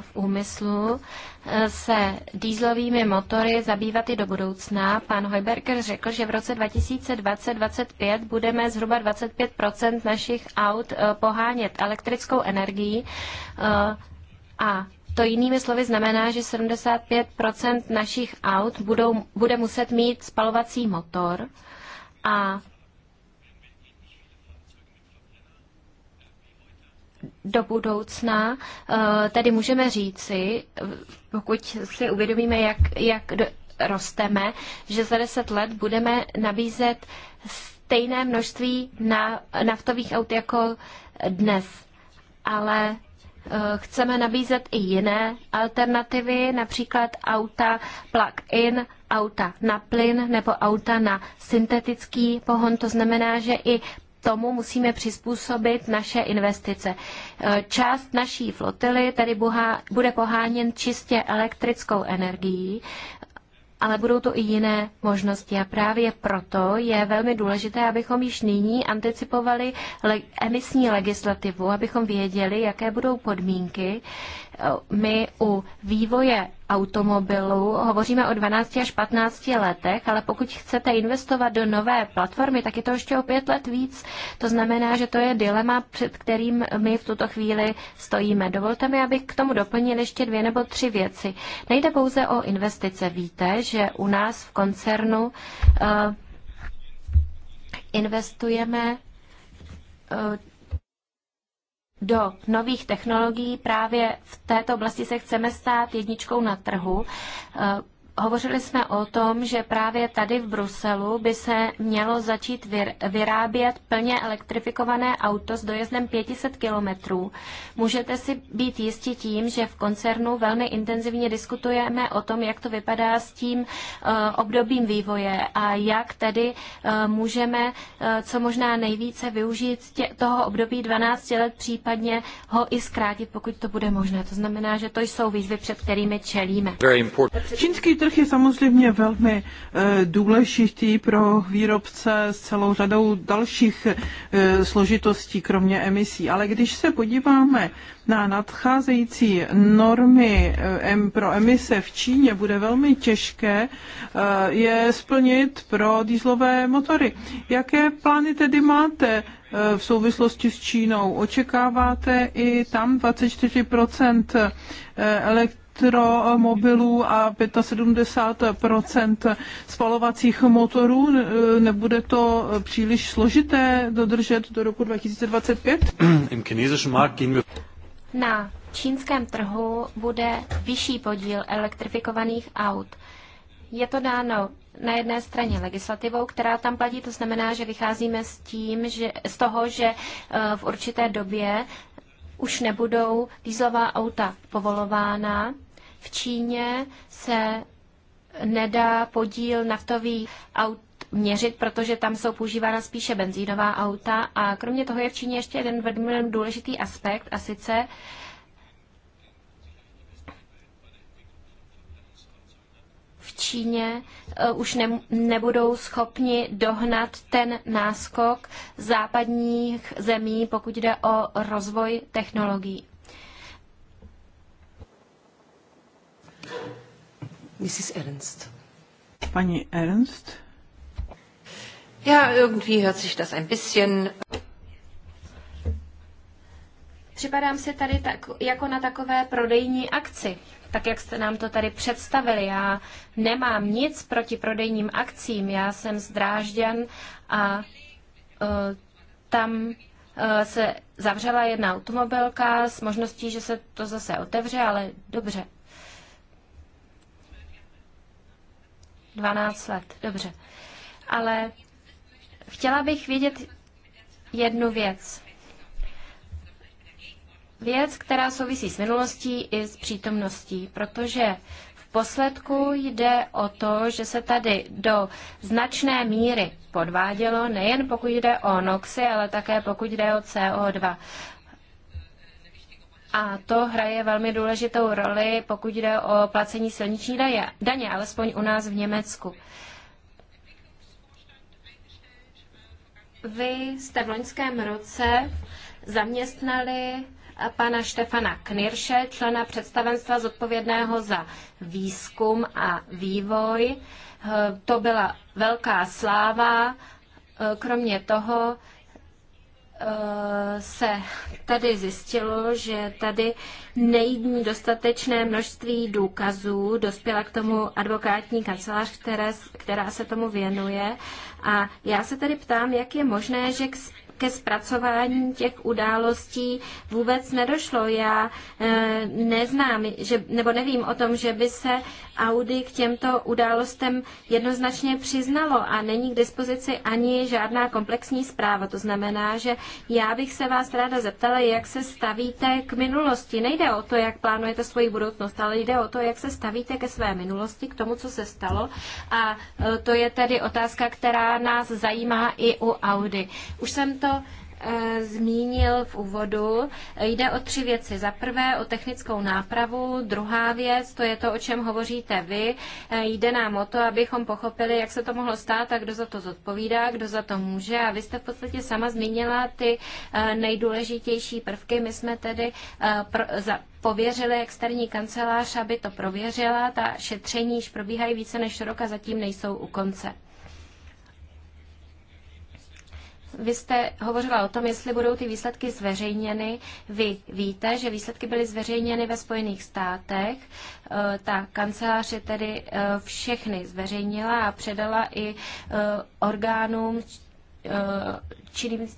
B: v úmyslu eh, se dýzlovými motory zabývat i do budoucna. Pan Heuberger řekl, že v roce 2020-2025 budeme zhruba 25 našich aut eh, pohánět elektrickou energií a to jinými slovy znamená, že 75 našich aut budou, bude muset mít spalovací motor a do budoucna eh, tedy můžeme říci, pokud si uvědomíme, jak, jak rosteme, že za deset let budeme nabízet stejné množství na, naftových aut jako dnes. Ale eh, chceme nabízet i jiné alternativy, například auta plug-in, auta na plyn nebo auta na syntetický pohon. To znamená, že i tomu musíme přizpůsobit naše investice. E, část naší flotily tedy bude poháněn čistě elektrickou energií, ale budou to i jiné možnosti. A právě proto je velmi důležité, abychom již nyní anticipovali le- emisní legislativu, abychom věděli, jaké budou podmínky. E, my u vývoje automobilů. Hovoříme o 12 až 15 letech, ale pokud chcete investovat do nové platformy, tak je to ještě o pět let víc. To znamená, že to je dilema, před kterým my v tuto chvíli stojíme. Dovolte mi, abych k tomu doplnil ještě dvě nebo tři věci. Nejde pouze o investice. Víte, že u nás v koncernu uh, investujeme uh, do nových technologií. Právě v této oblasti se chceme stát jedničkou na trhu. Eh, Hovořili jsme o tom, že právě tady v Bruselu by se mělo začít vyrábět plně elektrifikované auto s dojezdem 500 kilometrů. Můžete si být jistí tím, že v koncernu velmi intenzivně diskutujeme o tom, jak to vypadá s tím eh, obdobím vývoje a jak tedy eh, můžeme eh, co možná nejvíce využít tě, toho období 12 let, případně ho i zkrátit, pokud to bude možné. To znamená, že to jsou výzvy, před kterými
C: čelíme trh je samozřejmě velmi eh, důležitý pro výrobce s celou řadou dalších eh, složitostí, kromě emisí. Ale když se podíváme na nadcházející normy eh, pro emise v Číně, bude velmi těžké je splnit pro dýzlové motory. Jaké plány tedy máte v souvislosti s Čínou? Očekáváte i tam 24 elektrických elektromobilů a 75 spalovacích motorů. Nebude to příliš složité dodržet do roku 2025?
B: Na čínském trhu bude vyšší podíl elektrifikovaných aut. Je to dáno na jedné straně legislativou, která tam platí, to znamená, že vycházíme s tím, že, z toho, že e, v určité době už nebudou dýzlová auta povolována v Číně se nedá podíl naftových aut měřit, protože tam jsou používána spíše benzínová auta. A kromě toho je v Číně ještě jeden velmi důležitý aspekt, a sice v Číně eh, už ne, nebudou schopni dohnat ten náskok západních zemí, pokud jde o rozvoj technologií. Mrs. Ernst.
C: Ernst?
B: Ja, irgendwie hört sich das ein bisschen... Připadám si tady tak, jako na takové prodejní akci, tak jak jste nám to tady představili. Já nemám nic proti prodejním akcím, já jsem zdrážděn a uh, tam e, se zavřela jedna automobilka s možností, že se to zase otevře, ale dobře. 12 let, dobře. Ale chtěla bych vědět jednu věc. Věc, která souvisí s minulostí i s přítomností, protože v posledku jde o to, že se tady do značné míry podvádělo, nejen pokud jde o NOXy, ale také pokud jde o CO2. A to hraje velmi důležitou roli, pokud jde o placení silniční daně, alespoň u nás v Německu. Vy jste v loňském roce zaměstnali pana Štefana Knirše, člena představenstva zodpovědného za výzkum a vývoj. To byla velká sláva. Kromě toho se tady zjistilo, že tady nejde dostatečné množství důkazů. Dospěla k tomu advokátní kancelář, které, která se tomu věnuje. A já se tady ptám, jak je možné, že k ke zpracování těch událostí vůbec nedošlo. Já eh, neznám, že, nebo nevím o tom, že by se Audi k těmto událostem jednoznačně přiznalo a není k dispozici ani žádná komplexní zpráva. To znamená, že já bych se vás ráda zeptala, jak se stavíte k minulosti. Nejde o to, jak plánujete svoji budoucnost, ale jde o to, jak se stavíte ke své minulosti, k tomu, co se stalo. A eh, to je tedy otázka, která nás zajímá i u Audi. Už jsem to eh, zmínil v úvodu. Jde o tři věci. Za prvé o technickou nápravu, druhá věc, to je to, o čem hovoříte vy. Eh, jde nám o to, abychom pochopili, jak se to mohlo stát a kdo za to zodpovídá, kdo za to může. A vy jste v podstatě sama zmínila ty eh, nejdůležitější prvky. My jsme tedy pro, za, pověřili externí kancelář, aby to prověřila. Ta šetření již probíhají více než rok a zatím nejsou u konce. Vy jste hovořila o tom, jestli budou ty výsledky zveřejněny. Vy víte, že výsledky byly zveřejněny ve Spojených státech. E, ta kancelář je tedy e, všechny zveřejnila a předala i e, orgánům činným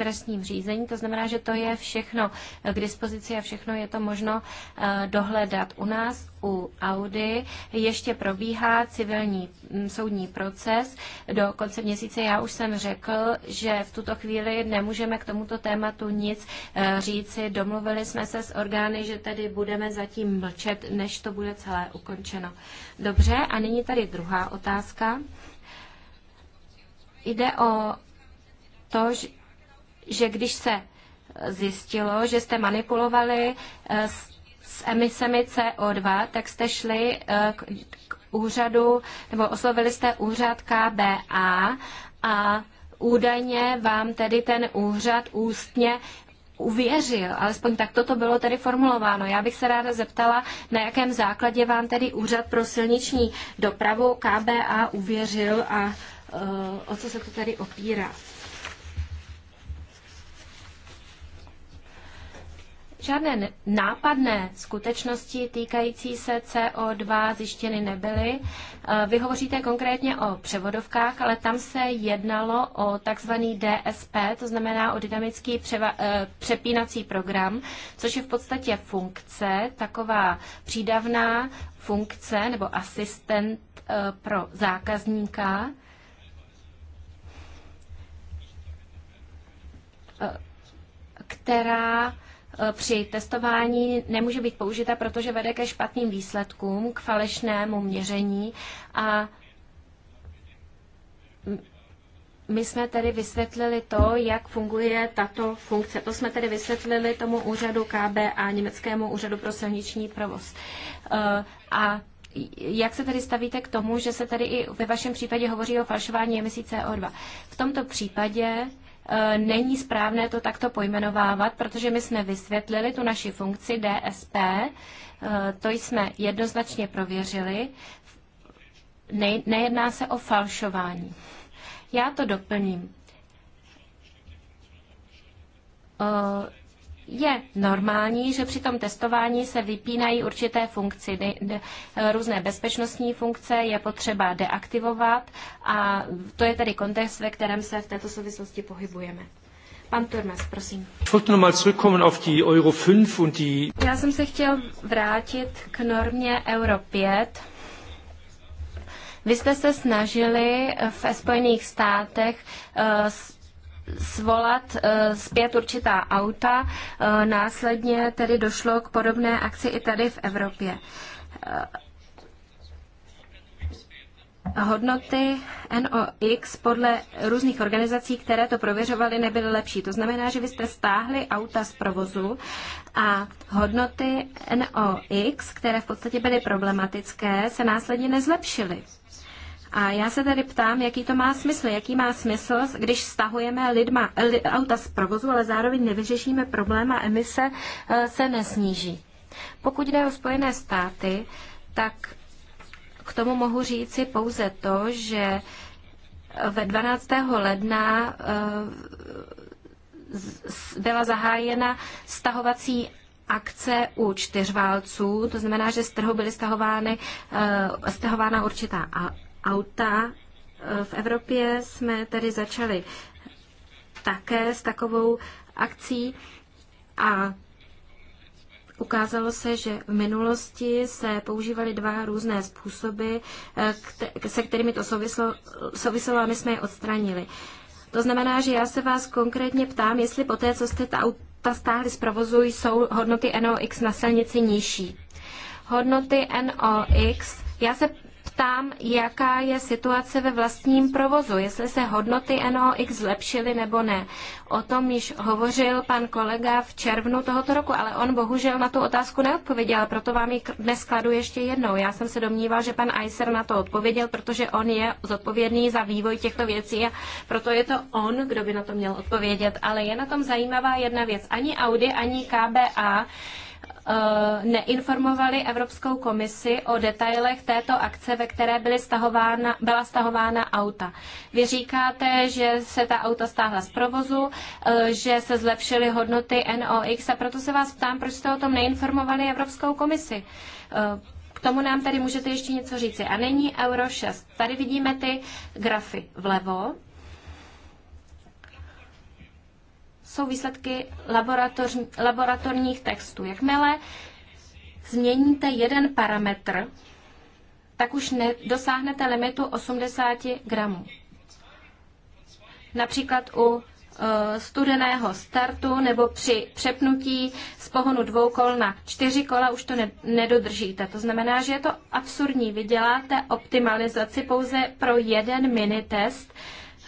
B: trestním řízení. To znamená, že to je všechno k dispozici a všechno je to možno eh, dohledat u nás, u Audi. Ještě probíhá civilní mm, soudní proces. Do konce měsíce já už jsem řekl, že v tuto chvíli nemůžeme k tomuto tématu nic eh, říci. Domluvili jsme se s orgány, že tedy budeme zatím mlčet, než to bude celé ukončeno. Dobře, a nyní tady druhá otázka. Jde o to, že že když se zjistilo, že jste manipulovali eh, s, s emisemi CO2, tak jste šli eh, k, k úřadu, nebo oslovili jste úřad KBA a údajně vám tedy ten úřad ústně uvěřil, alespoň tak toto bylo tedy formulováno. Já bych se ráda zeptala, na jakém základě vám tedy Úřad pro silniční dopravu KBA uvěřil a uh, o co se to tady opírá. Žádné nápadné skutečnosti týkající se CO2 zjištěny nebyly. Eh, vy hovoříte konkrétně o převodovkách, ale tam se jednalo o takzvaný DSP, to znamená o dynamický převa- eh, přepínací program, což je v podstatě funkce, taková přídavná funkce nebo asistent eh, pro zákazníka. která Eh, při testování nemůže být použita, protože vede ke špatným výsledkům, k falešnému měření a my jsme tedy vysvětlili to, jak funguje tato funkce. To jsme tedy vysvětlili tomu úřadu KBA, německému úřadu pro silniční provoz. Eh, a jak se tedy stavíte k tomu, že se tady i ve vašem případě hovoří o falšování emisí CO2? V tomto případě Eh, není správné to takto pojmenovávat, protože my jsme vysvětlili tu naši funkci DSP, eh, to jsme jednoznačně prověřili, nejedná se o falšování. Já to doplním. Eh, je normální, že při tom testování se vypínají určité funkci, různé bezpečnostní funkce je potřeba deaktivovat a to je tedy kontext, ve kterém se v této souvislosti pohybujeme. Pan Turmes, prosím. Já jsem se chtěl vrátit k normě Euro 5. Vy jste se snažili v Spojených státech uh, svolat eh, zpět určitá auta. Eh, následně tedy došlo k podobné akci i tady v Evropě. Eh, hodnoty NOx podle různých organizací, které to prověřovaly, nebyly lepší. To znamená, že vy jste stáhli auta z provozu a hodnoty NOx, které v podstatě byly problematické, se následně nezlepšily. A já se tady ptám, jaký to má smysl. Jaký má smysl, když stahujeme lidma, li, auta z provozu, ale zároveň nevyřešíme problém a emise e, se nesníží. Pokud jde o Spojené státy, tak k tomu mohu říci pouze to, že ve 12. ledna e, byla zahájena stahovací akce u čtyřválců, to znamená, že z trhu byly stahovány, e, stahována určitá auta. Eh, v Evropě jsme tedy začali také s takovou akcí a Ukázalo se, že v minulosti se používaly dva různé způsoby, eh, se kterými to souvislo, souviselo a my jsme je odstranili. To znamená, že já se vás konkrétně ptám, jestli po té, co jste ta auta stáhli z provozu, jsou hodnoty NOx na silnici nižší. Hodnoty NOx, já se ptám, jaká je situace ve vlastním provozu, jestli se hodnoty NOx zlepšily nebo ne. O tom již hovořil pan kolega v červnu tohoto roku, ale on bohužel na tu otázku neodpověděl, proto vám ji dnes kladu ještě jednou. Já jsem se domníval, že pan Eiser na to odpověděl, protože on je zodpovědný za vývoj těchto věcí a proto je to on, kdo by na to měl odpovědět. Ale je na tom zajímavá jedna věc. Ani Audi, ani KBA Eh, neinformovali Evropskou komisi o detailech této akce, ve které byly stahována, byla stahována auta. Vy říkáte, že se ta auta stáhla z provozu, eh, že se zlepšily hodnoty NOx a proto se vás ptám, proč jste o tom neinformovali Evropskou komisi. Eh, k tomu nám tady můžete ještě něco říci. A není Euro 6. Tady vidíme ty grafy vlevo, jsou výsledky laboratoř, laboratorních textů. Jakmile změníte jeden parametr, tak už nedosáhnete limitu 80 gramů. Například u e, studeného startu nebo při přepnutí z pohonu dvou kol na čtyři kola už to ne- nedodržíte. To znamená, že je to absurdní. Vy děláte optimalizaci pouze pro jeden minitest,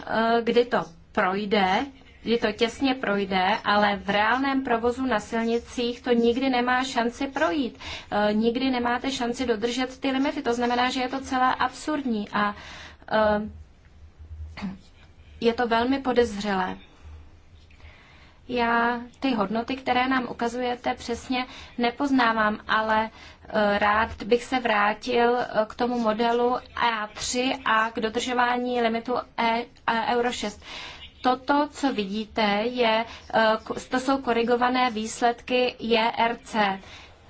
B: e, kdy to projde, kdy to těsně projde, ale v reálném provozu na silnicích to nikdy nemá šanci projít. E, nikdy nemáte šanci dodržet ty limity. To znamená, že je to celá absurdní a e, je to velmi podezřelé. Já ty hodnoty, které nám ukazujete, přesně nepoznávám, ale e, rád bych se vrátil k tomu modelu A3 a k dodržování limitu e, Euro 6 toto, co vidíte, je, eh, to jsou korigované výsledky JRC.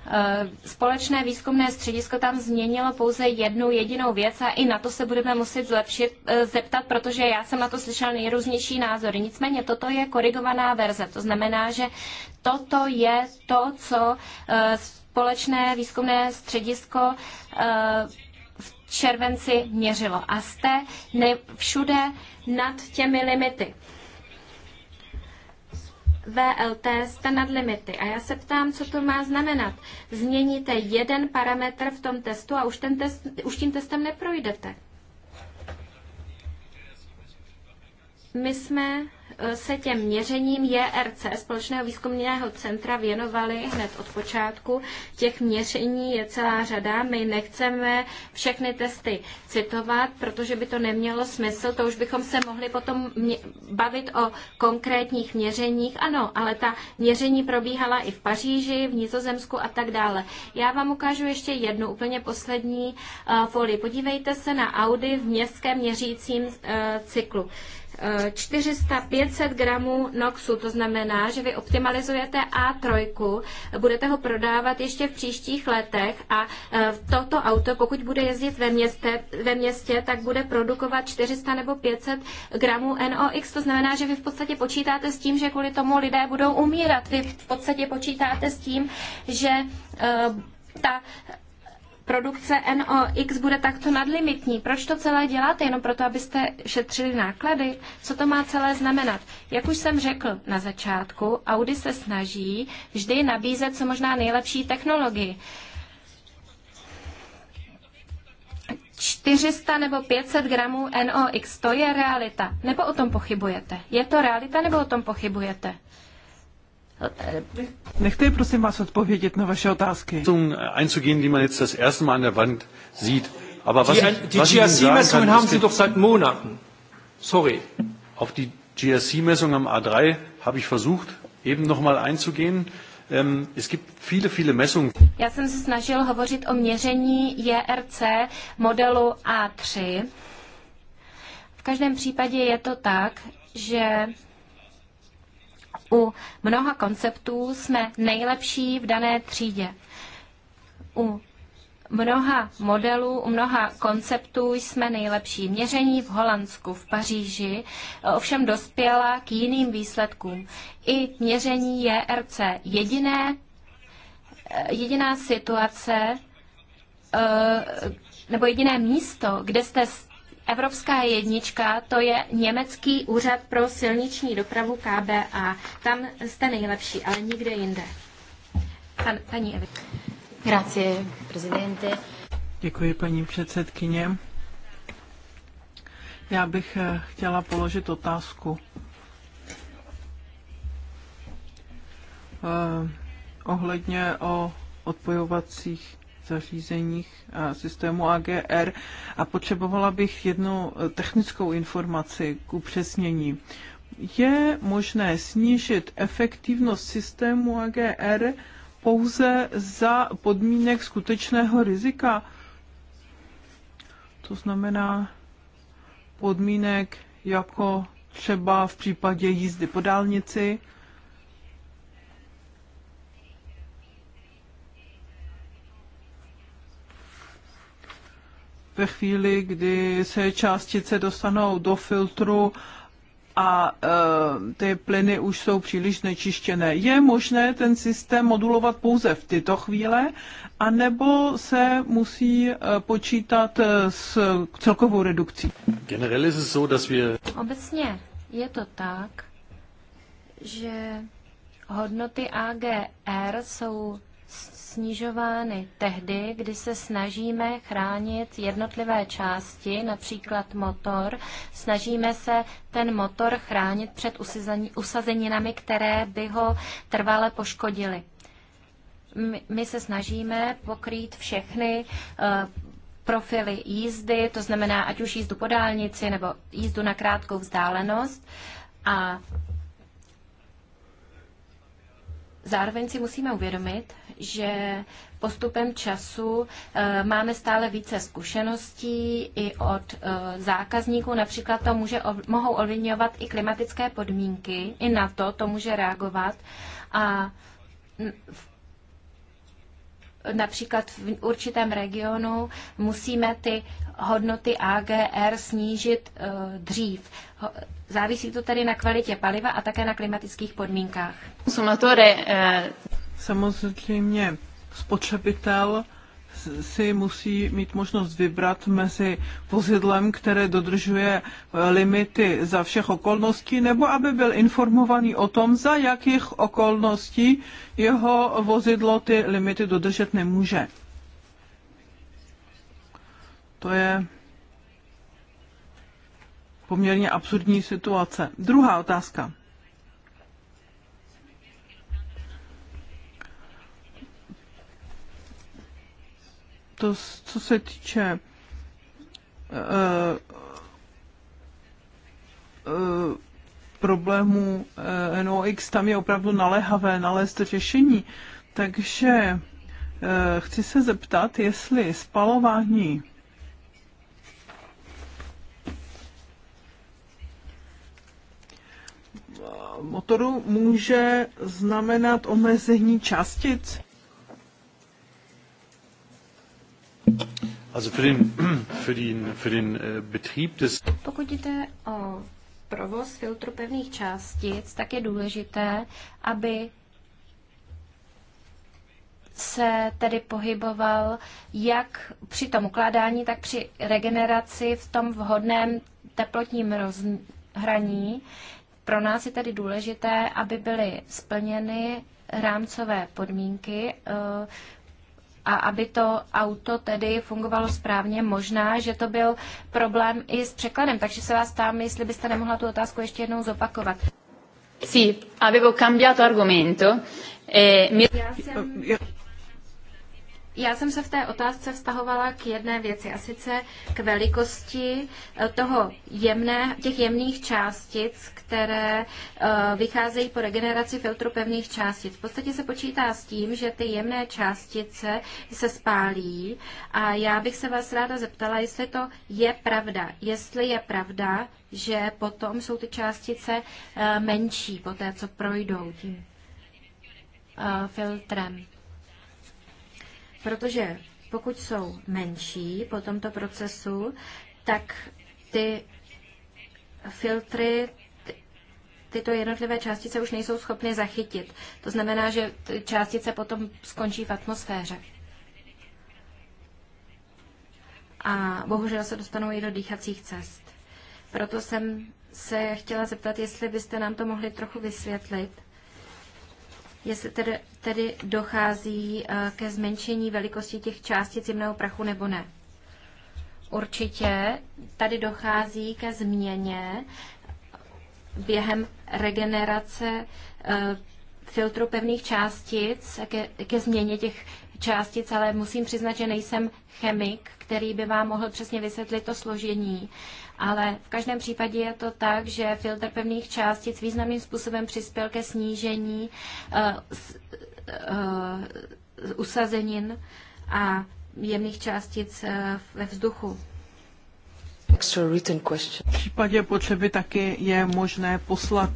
B: Eh, společné výzkumné středisko tam změnilo pouze jednu jedinou věc a i na to se budeme muset zlepšit, eh, zeptat, protože já jsem na to slyšel nejrůznější názory. Nicméně toto je korigovaná verze, to znamená, že toto je to, co společné výzkumné středisko červenci měřilo. A jste ne, všude nad těmi limity. VLT jste nad limity. A já se ptám, co to má znamenat. Změníte jeden parametr v tom testu a už, ten test, už tím testem neprojdete. My jsme Eh, se těm měřením JRC, Společného výzkumného centra, věnovali hned od počátku. Těch měření je celá řada. My nechceme všechny testy citovat, protože by to nemělo smysl. To už bychom se mohli potom bavit o konkrétních měřeních. Ano, ale ta měření probíhala i v Paříži, v Nizozemsku a tak dále. Já vám ukážu ještě jednu úplně poslední eh, folii. Podívejte se na Audi v městském měřícím eh, cyklu. 400-500 gramů NOXu, to znamená, že vy optimalizujete A3, budete ho prodávat ještě v příštích letech a e, toto auto, pokud bude jezdit ve, městě, ve městě, tak bude produkovat 400 nebo 500 gramů NOx, to znamená, že vy v podstatě počítáte s tím, že kvůli tomu lidé budou umírat, vy v podstatě počítáte s tím, že e, ta produkce NOx bude takto nadlimitní. Proč to celé děláte? Jenom proto, abyste šetřili náklady? Co to má celé znamenat? Jak už jsem řekl na začátku, Audi se snaží vždy nabízet co možná nejlepší technologii. 400 nebo 500 gramů NOx, to je realita. Nebo o tom pochybujete? Je to realita, nebo o tom pochybujete?
C: Nechte prosím vás odpovědět na vaše otázky. einzugehen, die man jetzt das erste Mal an der Wand sieht. Aber was die, ich, die GRC-Messungen haben Sie doch seit Monaten. Sorry. Auf die GRC-Messung am A3 habe ich versucht, eben nochmal einzugehen. Ähm, es gibt viele, viele Messungen.
B: Já jsem se snažil hovořit o měření JRC modelu A3. V každém případě je to tak, že u mnoha konceptů jsme nejlepší v dané třídě. U mnoha modelů, u mnoha konceptů jsme nejlepší. Měření v Holandsku, v Paříži ovšem dospěla k jiným výsledkům. I měření JRC. Jediné, jediná situace, eh, nebo jediné místo, kde jste Evropská jednička, to je Německý úřad pro silniční dopravu KBA. Tam jste nejlepší, ale nikde jinde. Pan, paní Evi. Grazie, prezidente.
C: Děkuji, paní předsedkyně. Já bych eh, chtěla položit otázku. Eh, ohledně o odpojovacích zařízeních a systému AGR a potřebovala bych jednu eh, technickou informaci k upřesnění. Je možné snížit efektivnost systému AGR pouze za podmínek skutečného rizika? To znamená podmínek jako třeba v případě jízdy po dálnici, ve chvíli, kdy se částice dostanou do filtru a e, ty plyny už jsou příliš nečištěné. Je možné ten systém modulovat pouze v tyto chvíle, anebo se musí e, počítat e, s celkovou redukcí?
B: Obecně je to tak, že hodnoty AGR jsou snižovány tehdy, kdy se snažíme chránit jednotlivé části, například motor. Snažíme se ten motor chránit před usazeninami, které by ho trvale poškodily. My se snažíme pokrýt všechny eh, profily jízdy, to znamená ať už jízdu po dálnici nebo jízdu na krátkou vzdálenost. A Zároveň si musíme uvědomit, že postupem času eh, máme stále více zkušeností i od eh, zákazníků. Například to může, mohou ovlivňovat i klimatické podmínky, i na to to může reagovat. A v například v určitém regionu musíme ty hodnoty AGR snížit eh, dřív. Závisí to tedy na kvalitě paliva a také na klimatických podmínkách.
C: Eh, Samozřejmě spotřebitel si musí mít možnost vybrat mezi vozidlem, které dodržuje eh, limity za všech okolností, nebo aby byl informovaný o tom, za jakých okolností jeho vozidlo ty limity dodržet nemůže. To je poměrně absurdní situace. Druhá otázka. to, co se týče eh, eh, problému eh, NOx, tam je opravdu naléhavé nalézt řešení. Takže chci se zeptat, jestli spalování motoru může znamenat omezení částic? Äh, Pokud jde o
B: provoz filtru pevných částic, tak je důležité, aby se tedy pohyboval jak při tom ukládání, tak při regeneraci v tom vhodném teplotním rozhraní. Pro nás je tedy důležité, aby byly splněny rámcové podmínky a aby to auto tedy fungovalo správně. Možná, že to byl problém i s překladem, takže se vás ptám, jestli byste nemohla tu otázku ještě jednou zopakovat. Sì, avevo cambiato argomento. Eh, mi... Já jsem... Eh, eh, já jsem se v té otázce vztahovala k jedné věci, a sice k velikosti eh, toho jemné, těch jemných částic, které eh, vycházejí po regeneraci filtru pevných částic. V podstatě se počítá s tím, že ty jemné částice se spálí a já bych se vás ráda zeptala, jestli to je pravda. Jestli je pravda, že potom jsou ty částice eh, menší po té, co projdou tím filtrem protože pokud jsou menší po tomto procesu, tak ty filtry, tyto jednotlivé částice už nejsou schopny zachytit. To znamená, že částice potom skončí v atmosféře. A bohužel se dostanou i do dýchacích cest. Proto jsem se chtěla zeptat, jestli byste nám to mohli trochu vysvětlit jestli tedy, tedy dochází eh, ke zmenšení velikosti těch částic jemného prachu nebo ne. Určitě tady dochází ke změně během regenerace eh, filtru pevných částic, ke, ke změně těch částic, ale musím přiznat, že nejsem chemik, který by vám mohl přesně vysvětlit to složení. Uh, ale v každém případě je to tak, že filtr pevných částic významným způsobem přispěl ke snížení eh, eh, usazenin a jemných částic eh, ve vzduchu.
C: V případě potřeby taky je možné poslat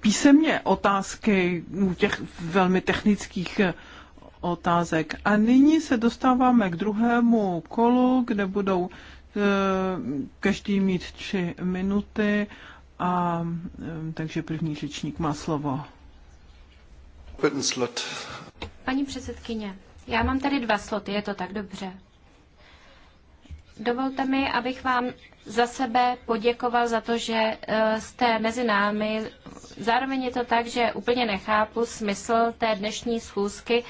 C: písemně otázky těch velmi technických otázek. A nyní se dostáváme k druhému kolu, kde budou Eh, každý mít tři minuty, a, eh, takže první řečník má slovo.
B: Paní předsedkyně, já mám tady dva sloty, je to tak dobře. Dovolte mi, abych vám za sebe poděkoval za to, že eh, jste mezi námi. Zároveň je to tak, že úplně nechápu smysl té dnešní schůzky.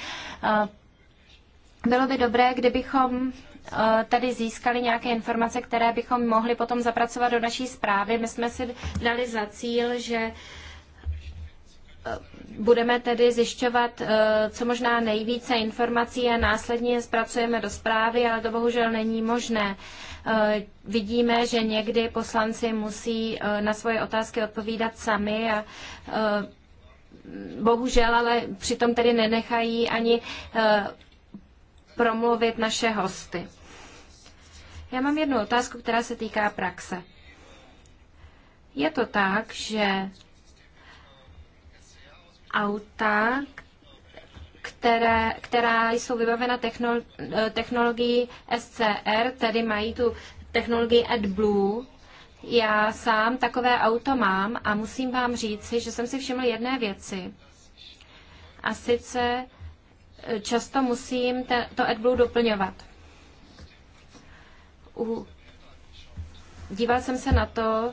B: Bylo by dobré, kdybychom Eh, tady získali nějaké informace, které bychom mohli potom zapracovat do naší zprávy. My jsme si dali za cíl, že eh, budeme tedy zjišťovat eh, co možná nejvíce informací a následně zpracujeme do zprávy, ale to bohužel není možné. Vidíme, že někdy poslanci musí na svoje otázky odpovídat sami a bohužel, ale přitom tedy nenechají ani promluvit naše hosty. Já mám jednu otázku, která se týká praxe. Je to tak, že auta, které, která jsou vybavena technolo, technologií SCR, tedy mají tu technologii AdBlue. Já sám takové auto mám a musím vám říci, že jsem si všiml jedné věci. A sice, často musím to AdBlue doplňovat. U... Díval jsem se na to,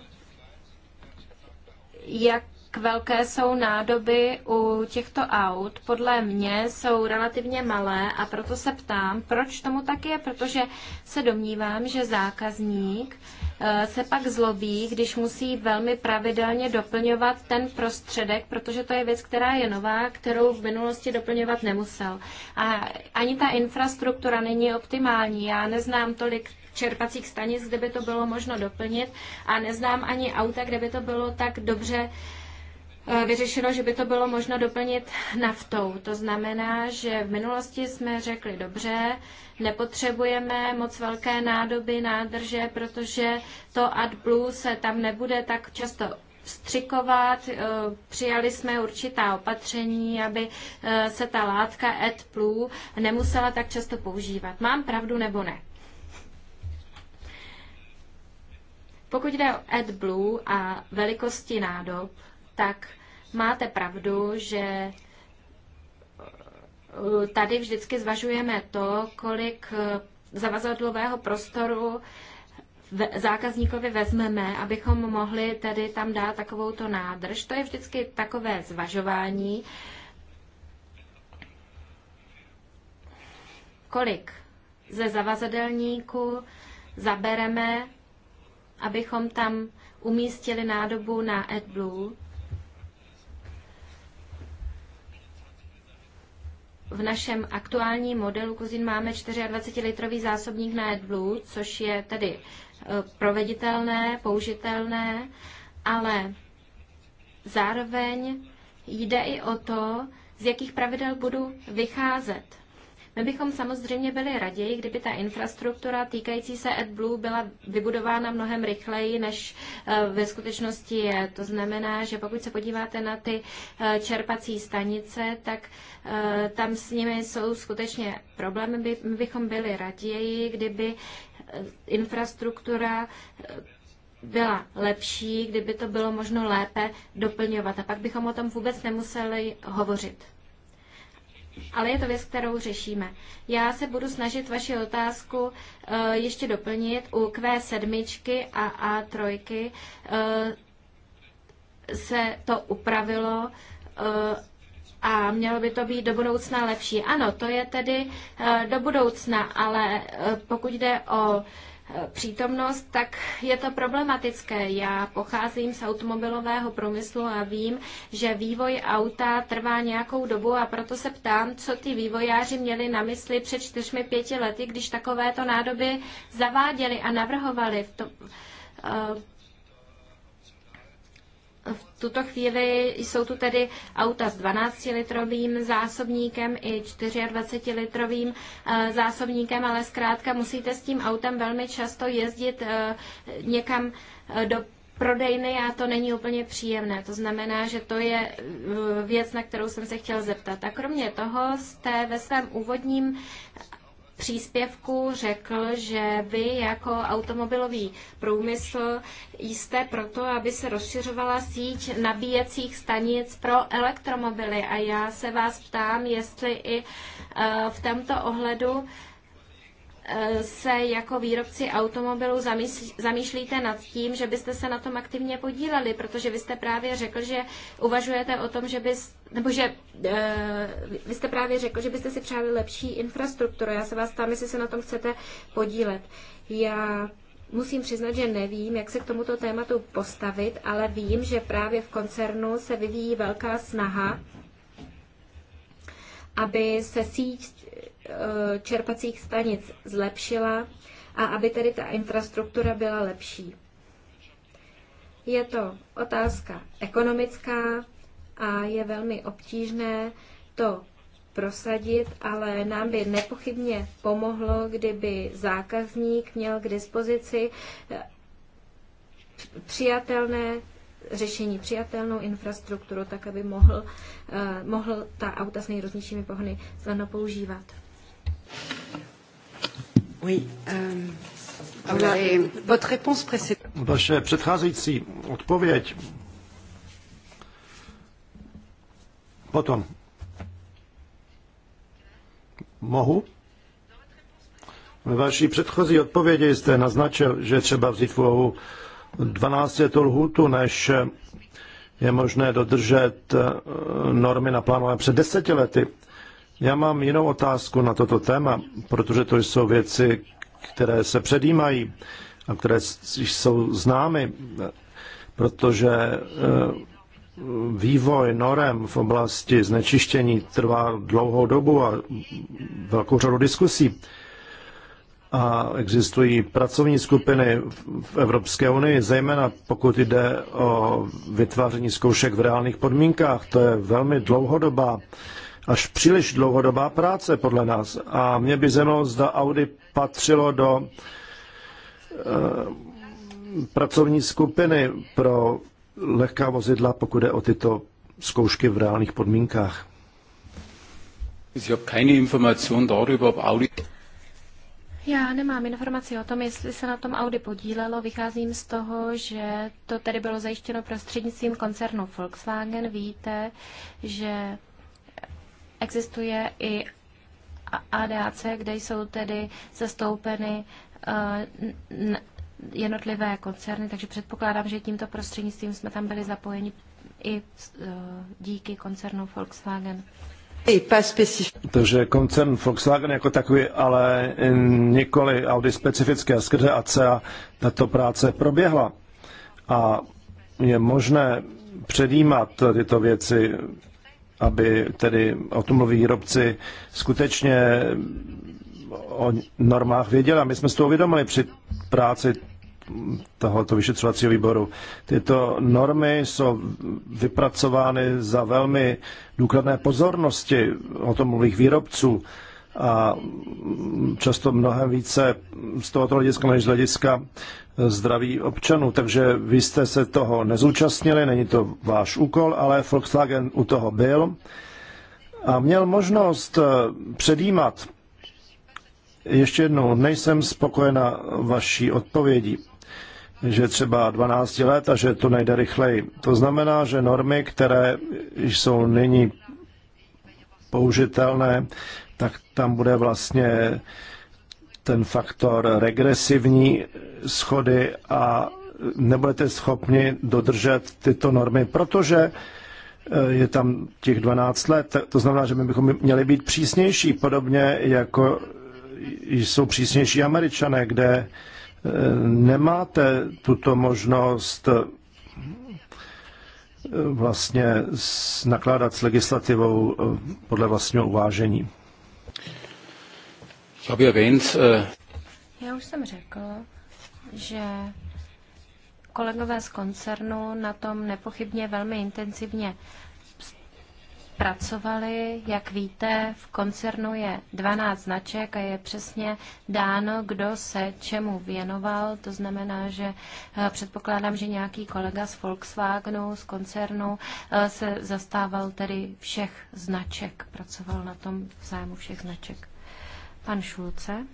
B: jak jak velké jsou nádoby u těchto aut. Podle mě jsou relativně malé a proto se ptám, proč tomu tak je, protože se domnívám, že zákazník eh, se pak zlobí, když musí velmi pravidelně doplňovat ten prostředek, protože to je věc, která je nová, kterou v minulosti doplňovat nemusel. A ani ta infrastruktura není optimální. Já neznám tolik čerpacích stanic, kde by to bylo možno doplnit a neznám ani auta, kde by to bylo tak dobře Eh, vyřešeno, že by to bylo možno doplnit naftou. To znamená, že v minulosti jsme řekli dobře, nepotřebujeme moc velké nádoby, nádrže, protože to AdBlue se tam nebude tak často vstřikovat. Eh, přijali jsme určitá opatření, aby eh, se ta látka AdBlue nemusela tak často používat. Mám pravdu nebo ne? Pokud jde o AdBlue a velikosti nádob, tak máte pravdu, že eh, tady vždycky zvažujeme to, kolik eh, zavazadlového prostoru zákazníkovi vezmeme, abychom mohli tedy tam dát takovou to nádrž. To je vždycky takové zvažování, kolik ze zavazadelníku zabereme, abychom tam umístili nádobu na AdBlue. v našem aktuálním modelu Kuzin máme 24-litrový zásobník na AdBlue, což je tedy e, proveditelné, použitelné, ale zároveň jde i o to, z jakých pravidel budu vycházet my bychom samozřejmě byli raději, kdyby ta infrastruktura týkající se AdBlue byla vybudována mnohem rychleji, než eh, ve skutečnosti je. To znamená, že pokud se podíváte na ty eh, čerpací stanice, tak eh, tam s nimi jsou skutečně problémy. My bychom byli raději, kdyby infrastruktura byla lepší, kdyby to bylo možno lépe doplňovat. A pak bychom o tom vůbec nemuseli hovořit ale je to věc, kterou řešíme. Já se budu snažit vaši otázku eh, ještě doplnit u Q7 a A3 eh, se to upravilo eh, a mělo by to být do budoucna lepší. Ano, to je tedy do budoucna, ale pokud jde o Eh, přítomnost, tak je to problematické. Já pocházím z automobilového průmyslu a vím, že vývoj auta trvá nějakou dobu a proto se ptám, co ty vývojáři měli na mysli před čtyřmi, pěti lety, když takovéto nádoby zaváděli a navrhovali. V tom, eh, v tuto chvíli jsou tu tedy auta s 12-litrovým zásobníkem i 24-litrovým eh, zásobníkem, ale zkrátka musíte s tím autem velmi často jezdit eh, někam eh, do prodejny a to není úplně příjemné. To znamená, že to je věc, na kterou jsem se chtěl zeptat. A kromě toho jste ve svém úvodním příspěvku řekl, že vy jako automobilový průmysl jste proto, aby se rozšiřovala síť nabíjecích stanic pro elektromobily. A já se vás ptám, jestli i eh, v tomto ohledu se jako výrobci automobilů zamýšlíte nad tím, že byste se na tom aktivně podíleli, protože vy jste právě řekl, že uvažujete o tom, že bys, nebo že eh, vy jste právě řekl, že byste si přáli lepší infrastrukturu. Já se vás ptám, jestli se na tom chcete podílet. Já musím přiznat, že nevím, jak se k tomuto tématu postavit, ale vím, že právě v koncernu se vyvíjí velká snaha, aby se síť Eh, čerpacích stanic zlepšila a aby tedy ta infrastruktura byla lepší. Je to otázka ekonomická a je velmi obtížné to prosadit, ale nám by nepochybně pomohlo, kdyby zákazník měl k dispozici eh, přijatelné řešení, přijatelnou infrastrukturu, tak aby mohl, eh, mohl ta auta s nejrůznějšími pohony snadno používat.
A: Oui,
C: euh, votre
A: Vaše předcházející odpověď potom. Mohu? Ve vaší předchozí odpovědi jste naznačil, že třeba vzít v úvahu 12 letou lhůtu, než je možné dodržet normy na plánu. před deseti lety. Já mám jinou otázku na toto téma, protože to jsou věci, které se předjímají a které jsou známy, protože eh, vývoj norem v oblasti znečištění trvá dlouhou dobu a velkou řadu diskusí. A existují pracovní skupiny v Evropské unii, zejména pokud jde o vytváření zkoušek v reálných podmínkách. To je velmi dlouhodobá až příliš dlouhodobá práce podle nás. A mě by zajímalo, zda Audi patřilo do eh, pracovní skupiny pro lehká vozidla, pokud je o tyto zkoušky v reálných podmínkách.
B: Já nemám informaci o tom, jestli se na tom Audi podílelo. Vycházím z toho, že to tedy bylo zajištěno prostřednictvím koncernu Volkswagen. Víte, že Existuje i ADAC, kde jsou tedy zastoupeny eh, jednotlivé koncerny, takže předpokládám, že tímto prostřednictvím jsme tam byli zapojeni i eh, díky koncernu Volkswagen.
A: Takže koncern Volkswagen jako takový, ale nikoli Audi specifické skrze ACA tato práce proběhla. A je možné předjímat tyto věci aby tedy automobiloví výrobci skutečně o normách věděli. A my jsme si to uvědomili při práci tohoto vyšetřovacího výboru. Tyto normy jsou vypracovány za velmi důkladné pozornosti automobilových výrobců a často mnohem více z tohoto hlediska než z hlediska zdraví občanů. Takže vy jste se toho nezúčastnili, není to váš úkol, ale Volkswagen u toho byl a měl možnost eh, předjímat. Ještě jednou, nejsem spokojena vaší odpovědí že třeba 12 let a že to nejde rychleji. To znamená, že normy, které jsou nyní použitelné, tak tam bude vlastně ten faktor regresivní schody a nebudete schopni dodržet tyto normy, protože eh, je tam těch 12 let, to znamená, že my bychom měli být přísnější, podobně jako jsou přísnější američané, kde eh, nemáte tuto možnost eh, vlastně nakládat s legislativou podle vlastního uvážení. Äh,
C: Já
B: už jsem řekl, že kolegové z koncernu na tom nepochybně velmi intenzivně pracovali. Jak víte, v koncernu je 12 značek a je přesně dáno, kdo se čemu věnoval. To znamená, že eh, předpokládám, že nějaký kolega z Volkswagenu, z koncernu, eh, se zastával tedy všech značek, pracoval na tom v zájmu všech značek. Pan Schulze.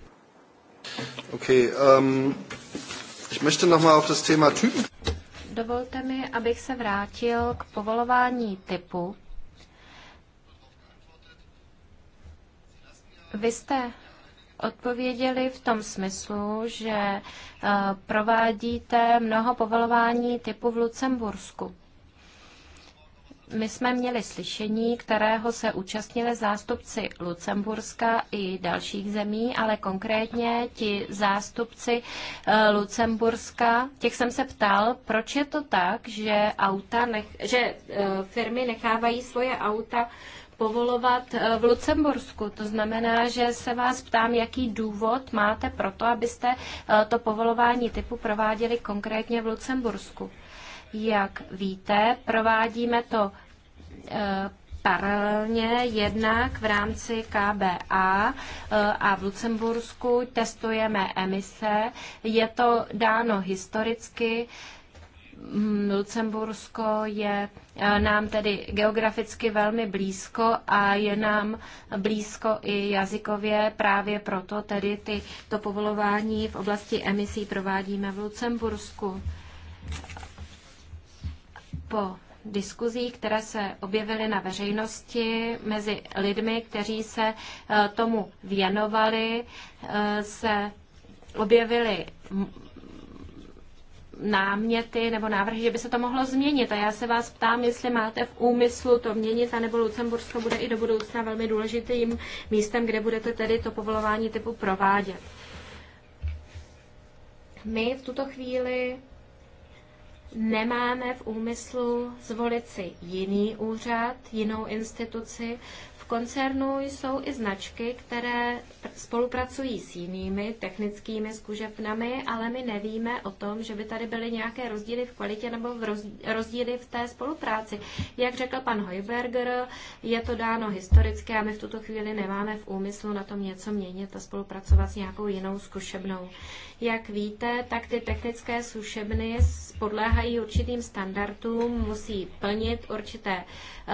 A: Okay, um, ich möchte auf das Thema Typen.
B: Dovolte mi, abych se vrátil k povolování typu. Vy jste odpověděli v tom smyslu, že eh, provádíte mnoho povolování typu v Lucembursku my jsme měli slyšení, kterého se účastnili zástupci Lucemburska i dalších zemí, ale konkrétně ti zástupci eh, Lucemburska, těch jsem se ptal, proč je to tak, že, auta nech, že eh, firmy nechávají svoje auta povolovat eh, v Lucembursku. To znamená, že se vás ptám, jaký důvod máte pro to, abyste to povolování typu prováděli konkrétně v Lucembursku. Jak víte, provádíme to Eh, paralelně jednak v rámci KBA eh, a v Lucembursku testujeme emise. Je to dáno historicky. Mm, Lucembursko je eh, nám tedy geograficky velmi blízko a je nám blízko i jazykově. Právě proto tedy ty, to povolování v oblasti emisí provádíme v Lucembursku. Po diskuzí, které se objevily na veřejnosti mezi lidmi, kteří se eh, tomu věnovali, eh, se objevily náměty nebo návrhy, že by se to mohlo změnit. A já se vás ptám, jestli máte v úmyslu to měnit, anebo Lucembursko bude i do budoucna velmi důležitým místem, kde budete tedy to povolování typu provádět. My v tuto chvíli nemáme v úmyslu zvolit si jiný úřad, jinou instituci, v koncernu jsou i značky, které spolupracují s jinými technickými zkužebnami, ale my nevíme o tom, že by tady byly nějaké rozdíly v kvalitě nebo v rozdíly v té spolupráci. Jak řekl pan Heuberger, je to dáno historicky a my v tuto chvíli nemáme v úmyslu na tom něco měnit a spolupracovat s nějakou jinou zkušebnou. Jak víte, tak ty technické zkušebny podléhají určitým standardům, musí plnit určité eh,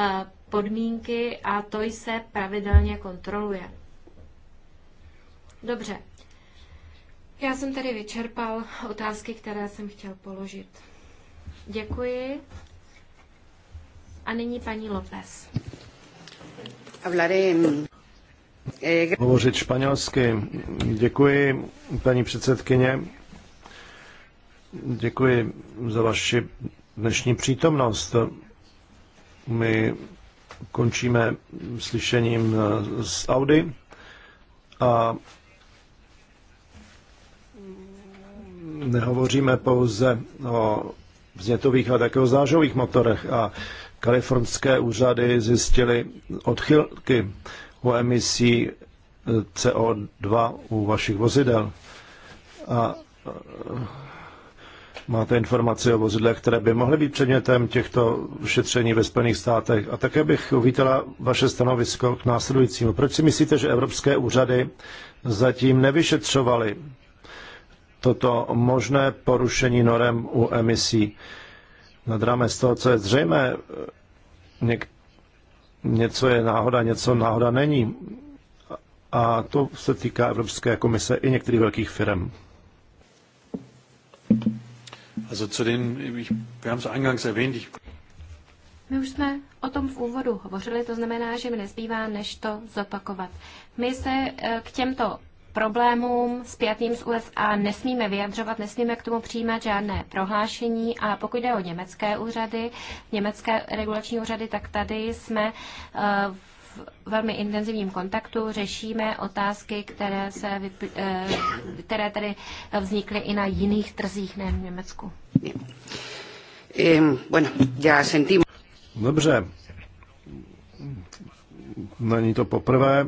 B: podmínky a to se pravidelně kontroluje. Dobře. Já jsem tady vyčerpal otázky, které jsem chtěl položit. Děkuji. A nyní paní López.
C: Eh, Hovořit
A: španělsky. Děkuji, paní předsedkyně. Děkuji za vaši dnešní přítomnost. My končíme slyšením eh, z Audi a nehovoříme pouze o vznětových, ale také o zážových motorech a kalifornské úřady zjistily odchylky eh, o emisí CO2 u vašich vozidel. A eh, máte informace o vozidlech, které by mohly být předmětem těchto šetření ve Spojených státech. A také bych uvítala vaše stanovisko k následujícímu. Proč si myslíte, že evropské úřady zatím nevyšetřovaly toto možné porušení norem u emisí? dráme z toho, co je zřejmé, něk- něco je náhoda, něco náhoda není. A to se týká Evropské komise i některých velkých firm.
C: Thank you. Also zu den, ich, wir haben es eingangs erwähnt, ich
B: my už jsme o tom v úvodu hovořili, to znamená, že mi nezbývá, než to zopakovat. My se eh, k těmto problémům spjatým s USA nesmíme vyjadřovat, nesmíme k tomu přijímat žádné prohlášení a pokud jde o německé úřady, německé regulační úřady, tak tady jsme eh, v v velmi intenzivním kontaktu, řešíme otázky, které, se vypl- eh, které tady vznikly i na jiných trzích, ne v Německu.
A: Dobře. Není to poprvé,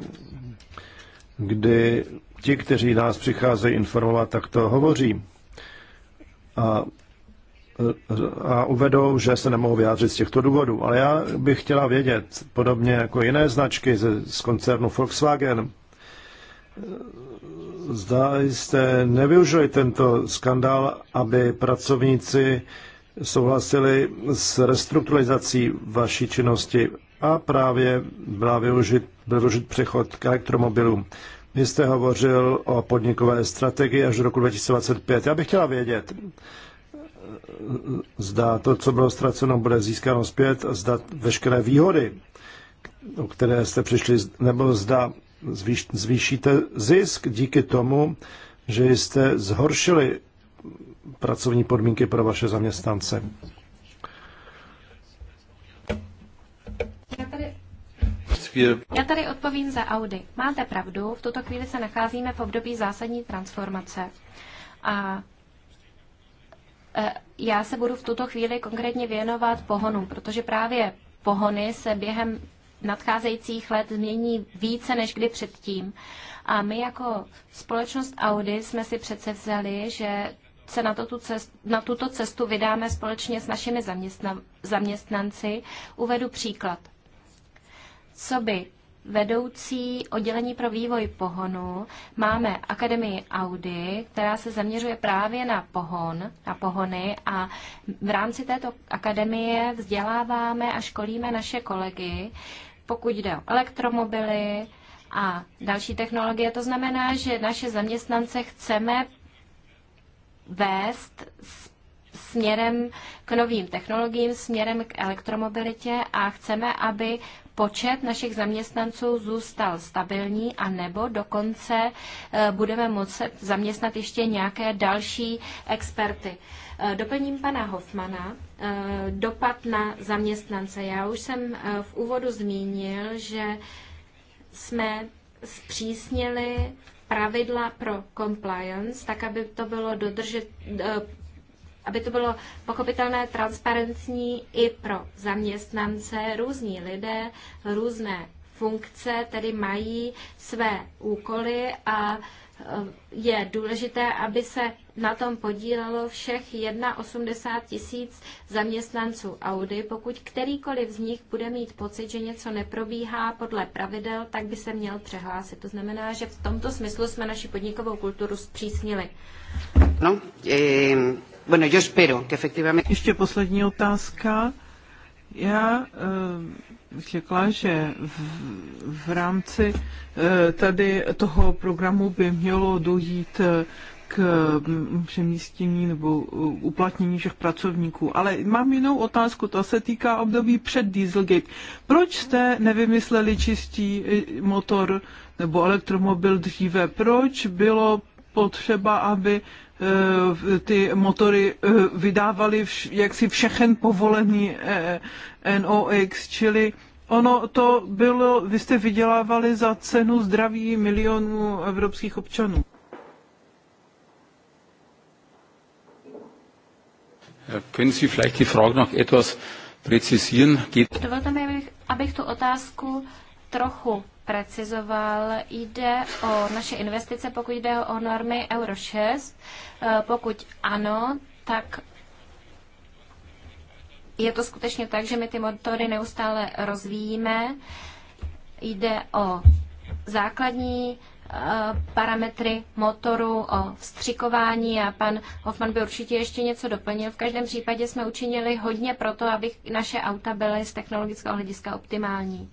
A: kdy ti, kteří nás přicházejí informovat, tak to hovoří. A a uvedou, že se nemohou vyjádřit z těchto důvodů. Ale já bych chtěla vědět, podobně jako jiné značky z, z koncernu Volkswagen, zda jste nevyužili tento skandál, aby pracovníci souhlasili s restrukturalizací vaší činnosti a právě byla využit, byl využit přechod k elektromobilům. Vy jste hovořil o podnikové strategii až do roku 2025. Já bych chtěla vědět, zda to, co bylo ztraceno, bude získáno zpět, zda veškeré výhody, o které jste přišli, nebo zda zvýš, zvýšíte zisk díky tomu, že jste zhoršili pracovní podmínky pro vaše zaměstnance.
C: Já
B: tady, odpovím za Audi. Máte pravdu, v tuto chvíli se nacházíme v období zásadní transformace. A Eh, já se budu v tuto chvíli konkrétně věnovat pohonu, protože právě pohony se během nadcházejících let změní více než kdy předtím. A my jako společnost Audi jsme si přece vzali, že se na, to tu na tuto cestu vydáme společně s našimi zaměstna, zaměstnanci. Uvedu příklad. Co by vedoucí oddělení pro vývoj pohonu máme Akademii Audi, která se zaměřuje právě na pohon, na pohony a v rámci této akademie vzděláváme a školíme naše kolegy, pokud jde o elektromobily a další technologie. To znamená, že naše zaměstnance chceme vést směrem k novým technologiím, směrem k elektromobilitě a chceme, aby počet našich zaměstnanců zůstal stabilní a nebo dokonce e, budeme moci zaměstnat ještě nějaké další experty. E, doplním pana Hofmana. E, dopad na zaměstnance. Já už jsem v úvodu zmínil, že jsme zpřísnili pravidla pro compliance, tak aby to bylo dodržet, aby to bylo pochopitelné, transparentní i pro zaměstnance. Různí lidé, různé funkce tedy mají své úkoly a eh, je důležité, aby se na tom podílelo všech 1,80 tisíc zaměstnanců Audi. Pokud kterýkoliv z nich bude mít pocit, že něco neprobíhá podle pravidel, tak by se měl přehlásit. To znamená, že v tomto smyslu jsme naši podnikovou kulturu zpřísnili.
C: No, eh, Bueno, yo espero que efectivamente... Ještě poslední otázka. Já uh, řekla, že v, v rámci uh, tady toho programu by mělo dojít uh, k mm, přemístění nebo uplatnění všech pracovníků. Ale mám jinou otázku, to se týká období před Dieselgate. Proč jste nevymysleli čistý motor nebo elektromobil dříve? Proč bylo potřeba, aby Eh, ty motory eh, vydávaly vš, jaksi všechen povolený eh, NOx, čili ono to bylo, vy jste vydělávali za cenu zdraví milionů evropských občanů. Können Sie vielleicht die Frage noch etwas präzisieren? Geht
B: Dovolte mi, abych, abych tu otázku trochu precizoval, jde o naše investice, pokud jde o normy Euro 6. Eh, pokud ano, tak je to skutečně tak, že my ty motory neustále rozvíjíme. Jde o základní eh, parametry motoru, o vstřikování a pan Hoffman by určitě ještě něco doplnil. V každém případě jsme učinili hodně pro to, aby naše auta byly z technologického hlediska optimální.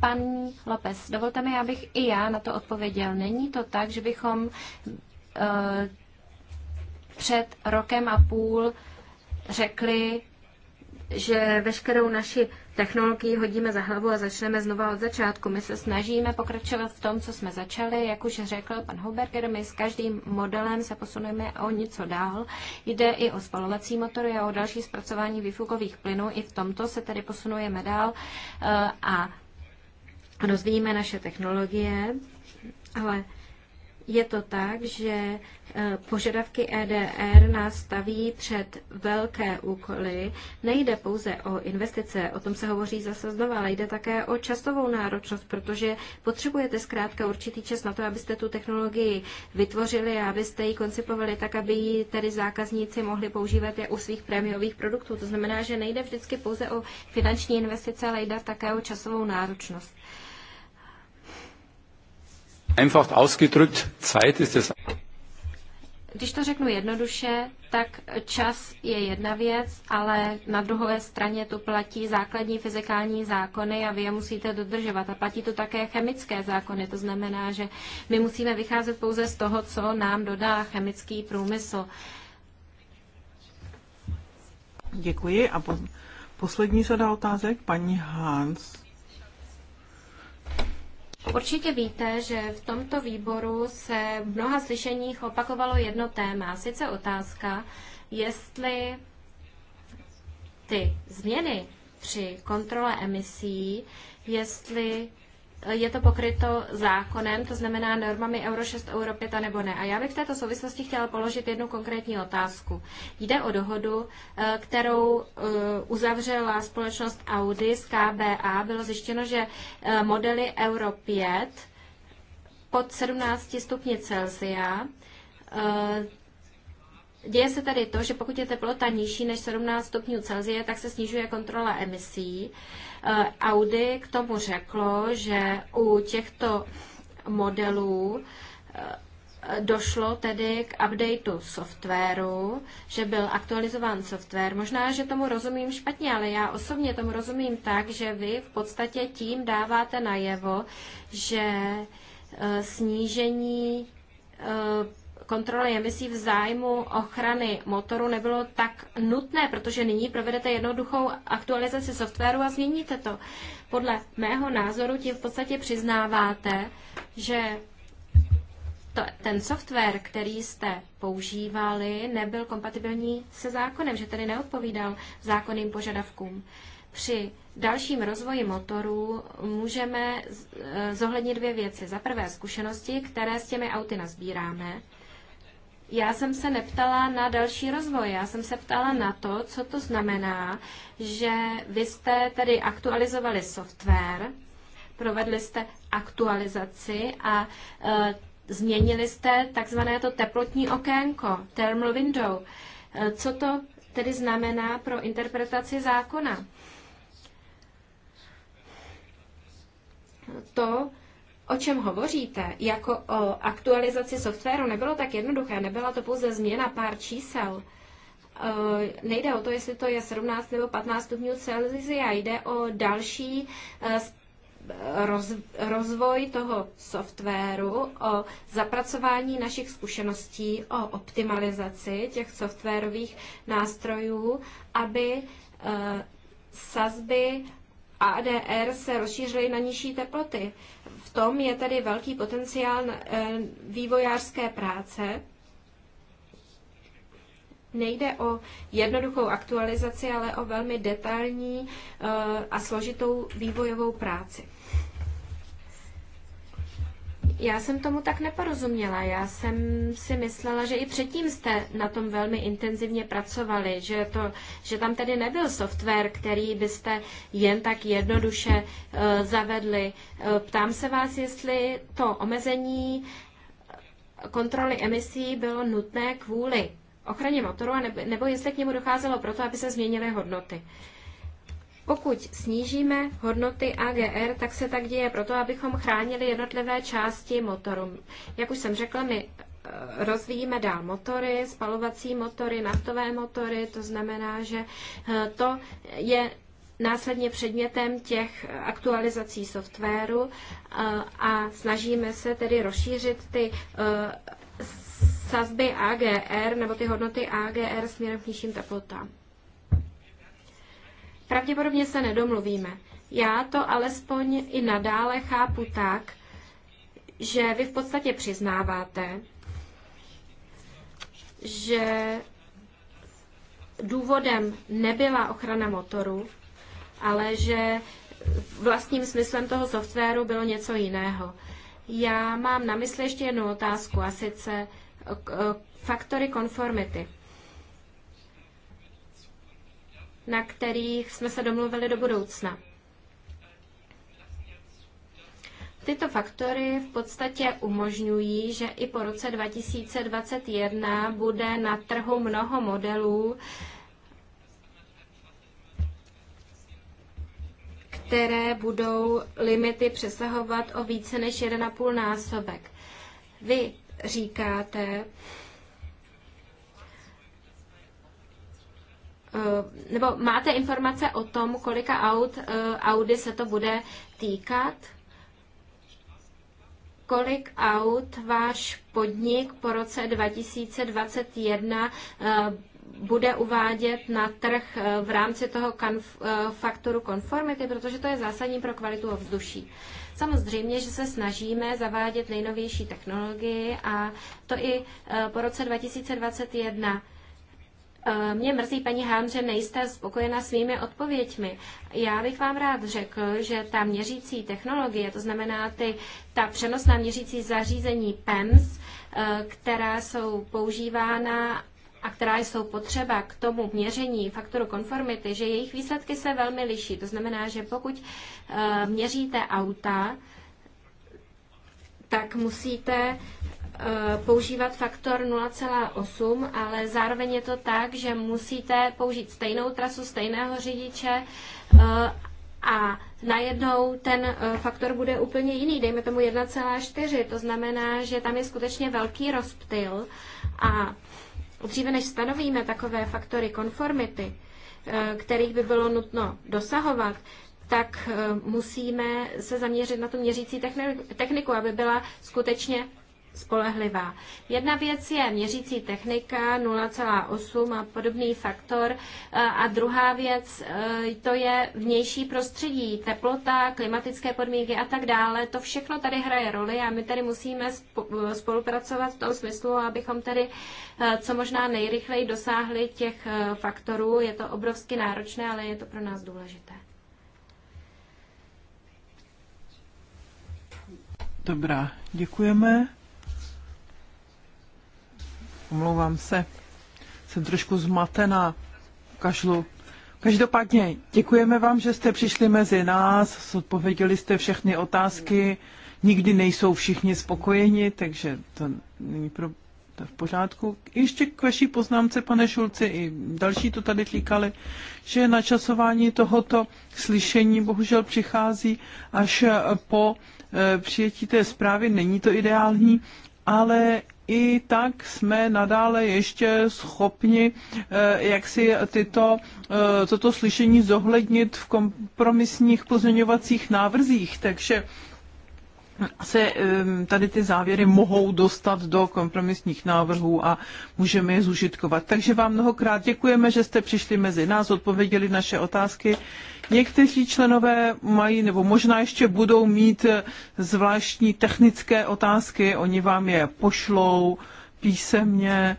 B: Pan Lopez, dovolte mi, abych i já na to odpověděl. Není to tak, že bychom uh, před rokem a půl řekli, že veškerou naši technologii hodíme za hlavu a začneme znova od začátku. My se snažíme pokračovat v tom, co jsme začali. Jak už řekl pan Huberger, my s každým modelem se posuneme o něco dál. Jde i o spalovací motory a o další zpracování výfukových plynů. I v tomto se tedy posunujeme dál eh, a rozvíjíme naše technologie, ale je to tak, že e, požadavky EDR nás staví před velké úkoly. Nejde pouze o investice, o tom se hovoří zase znova, ale jde také o časovou náročnost, protože potřebujete zkrátka určitý čas na to, abyste tu technologii vytvořili a abyste ji koncipovali tak, aby ji tedy zákazníci mohli používat je u svých prémiových produktů. To znamená, že nejde vždycky pouze o finanční investice, ale jde také o časovou náročnost.
C: Einfach ausgedrückt, Zeit ist es.
B: Když to řeknu jednoduše, tak čas je jedna věc, ale na druhé straně tu platí základní fyzikální zákony a vy je musíte dodržovat. A platí to také chemické zákony. To znamená, že my musíme vycházet pouze z toho, co nám dodá chemický průmysl.
C: Děkuji. A poslední řada otázek, paní Hans.
B: Určitě víte, že v tomto výboru se v mnoha slyšeních opakovalo jedno téma, sice otázka, jestli ty změny při kontrole emisí, jestli je to pokryto zákonem, to znamená normami Euro 6, Euro 5 a nebo ne. A já bych v této souvislosti chtěla položit jednu konkrétní otázku. Jde o dohodu, eh, kterou eh, uzavřela společnost Audi z KBA. Bylo zjištěno, že eh, modely Euro 5 pod 17 stupně Celsia Děje se tady to, že pokud je teplota nižší než 17 stupňů Celsie, tak se snižuje kontrola emisí. Eh, Audi k tomu řeklo, že u těchto modelů eh, došlo tedy k updateu softwaru, že byl aktualizován software. Možná, že tomu rozumím špatně, ale já osobně tomu rozumím tak, že vy v podstatě tím dáváte najevo, že eh, snížení kontroly emisí v zájmu ochrany motoru nebylo tak nutné, protože nyní provedete jednoduchou aktualizaci softwaru a změníte to. Podle mého názoru tím v podstatě přiznáváte, že to, ten software, který jste používali, nebyl kompatibilní se zákonem, že tedy neodpovídal zákonným požadavkům. Při dalším rozvoji motorů můžeme eh, zohlednit dvě věci. Za prvé zkušenosti, které s těmi auty nazbíráme, já jsem se neptala na další rozvoj, já jsem se ptala na to, co to znamená, že vy jste tedy aktualizovali software, provedli jste aktualizaci a e, změnili jste takzvané to teplotní okénko, thermal window. E, co to tedy znamená pro interpretaci zákona? To, o čem hovoříte, jako o aktualizaci softwaru, nebylo tak jednoduché, nebyla to pouze změna pár čísel. E, nejde o to, jestli to je 17 nebo 15 stupňů Celsia, jde o další e, e, rozvoj toho softwaru, o zapracování našich zkušeností, o optimalizaci těch softwarových nástrojů, aby sazby ADR se rozšířily na nižší teploty tom je tedy velký potenciál eh, vývojářské práce. Nejde o jednoduchou aktualizaci, ale o velmi detailní eh, a složitou vývojovou práci. Já jsem tomu tak neporozuměla. Já jsem si myslela, že i předtím jste na tom velmi intenzivně pracovali, že, to, že tam tedy nebyl software, který byste jen tak jednoduše uh, zavedli. Uh, ptám se vás, jestli to omezení kontroly emisí bylo nutné kvůli ochraně motoru, nebo, nebo jestli k němu docházelo proto, aby se změnily hodnoty. Uh, pokud snížíme hodnoty AGR, tak se tak děje proto, abychom chránili jednotlivé části motoru. Jak už jsem řekla, my eh, rozvíjíme dál motory, spalovací motory, naftové motory, to znamená, že eh, to je následně předmětem těch aktualizací softwaru eh, a snažíme se tedy rozšířit ty sazby AGR nebo ty hodnoty AGR směrem k nižším teplotám pravděpodobně se nedomluvíme. Já to alespoň i nadále chápu tak, že vy v podstatě přiznáváte, že důvodem nebyla ochrana motoru, ale že vlastním smyslem toho softwaru bylo něco jiného. Já mám na mysli ještě jednu otázku, a sice faktory konformity na kterých jsme se domluvili do budoucna. Tyto faktory v podstatě umožňují, že i po roce 2021 bude na trhu mnoho modelů, které budou limity přesahovat o více než 1,5 násobek. Vy říkáte, Eh, nebo máte informace o tom, kolika aut eh, Audi se to bude týkat? Kolik aut váš podnik po roce 2021 eh, bude uvádět na trh v rámci toho faktoru konformity, protože to je zásadní pro kvalitu ovzduší. Samozřejmě, že se snažíme zavádět nejnovější technologii a to i po roce 2021 Eh, mě mrzí, paní Hám, že nejste spokojena svými odpověďmi. Já bych vám rád řekl, že ta měřící technologie, to znamená ty, ta přenosná měřící zařízení PEMS, eh, která jsou používána a která jsou potřeba k tomu měření faktoru konformity, že jejich výsledky se velmi liší. To znamená, že pokud eh, měříte auta, tak musíte Eh, používat faktor 0,8, ale zároveň je to tak, že musíte použít stejnou trasu, stejného řidiče eh, a najednou ten eh, faktor bude úplně jiný, dejme tomu 1,4. To znamená, že tam je skutečně velký rozptyl a dříve než stanovíme takové faktory konformity, kterých by bylo nutno dosahovat, tak musíme se zaměřit na tu měřící techniku, aby byla skutečně spolehlivá. Jedna věc je měřící technika 0,8 a podobný faktor e, a druhá věc e, to je vnější prostředí, teplota, klimatické podmínky a tak dále. To všechno tady hraje roli a my tady musíme e, spolupracovat v tom smyslu, abychom tady co možná nejrychleji dosáhli těch faktorů. Je to obrovsky náročné, ale je to pro nás důležité.
C: Dobrá, děkujeme. Omlouvám se, jsem trošku zmatená, kašlu. Každopádně děkujeme vám, že jste přišli mezi nás, odpověděli jste všechny otázky. Nikdy nejsou všichni spokojeni, takže to není pro, to v pořádku. Ještě k vaší poznámce, pane Šulci, i další to tady týkali, že načasování tohoto slyšení bohužel přichází až po eh, přijetí té zprávy. Není to ideální, ale i tak jsme nadále ještě schopni eh, jak si tyto, eh, toto slyšení zohlednit v kompromisních pozměňovacích návrzích. Takže se tady ty závěry mohou dostat do kompromisních návrhů a můžeme je zužitkovat. Takže vám mnohokrát děkujeme, že jste přišli mezi nás, odpověděli naše otázky. Někteří členové mají, nebo možná ještě budou mít eh, zvláštní technické otázky, oni vám je pošlou písemně.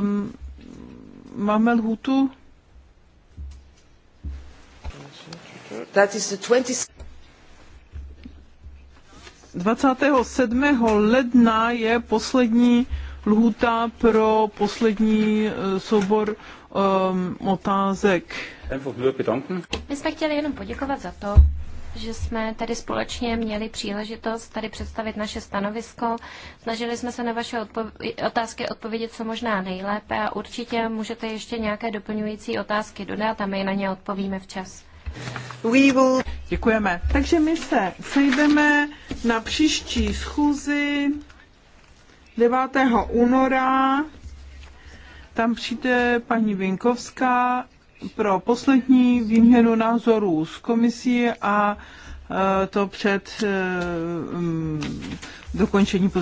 C: Um, máme lhutu? That is the 20... 27. ledna je poslední lhůta pro poslední eh, soubor um, otázek.
B: My jsme chtěli jenom poděkovat za to, že jsme tady společně měli příležitost tady představit naše stanovisko. Snažili jsme se na vaše odpov- otázky odpovědět co možná nejlépe a určitě můžete ještě nějaké doplňující otázky dodat a my na ně odpovíme včas.
C: We will... Děkujeme. Takže my se sejdeme na příští schůzi 9. února. Tam přijde paní Vinkovská pro poslední výměnu názorů z komisí a e, to před e, dokončení pozice.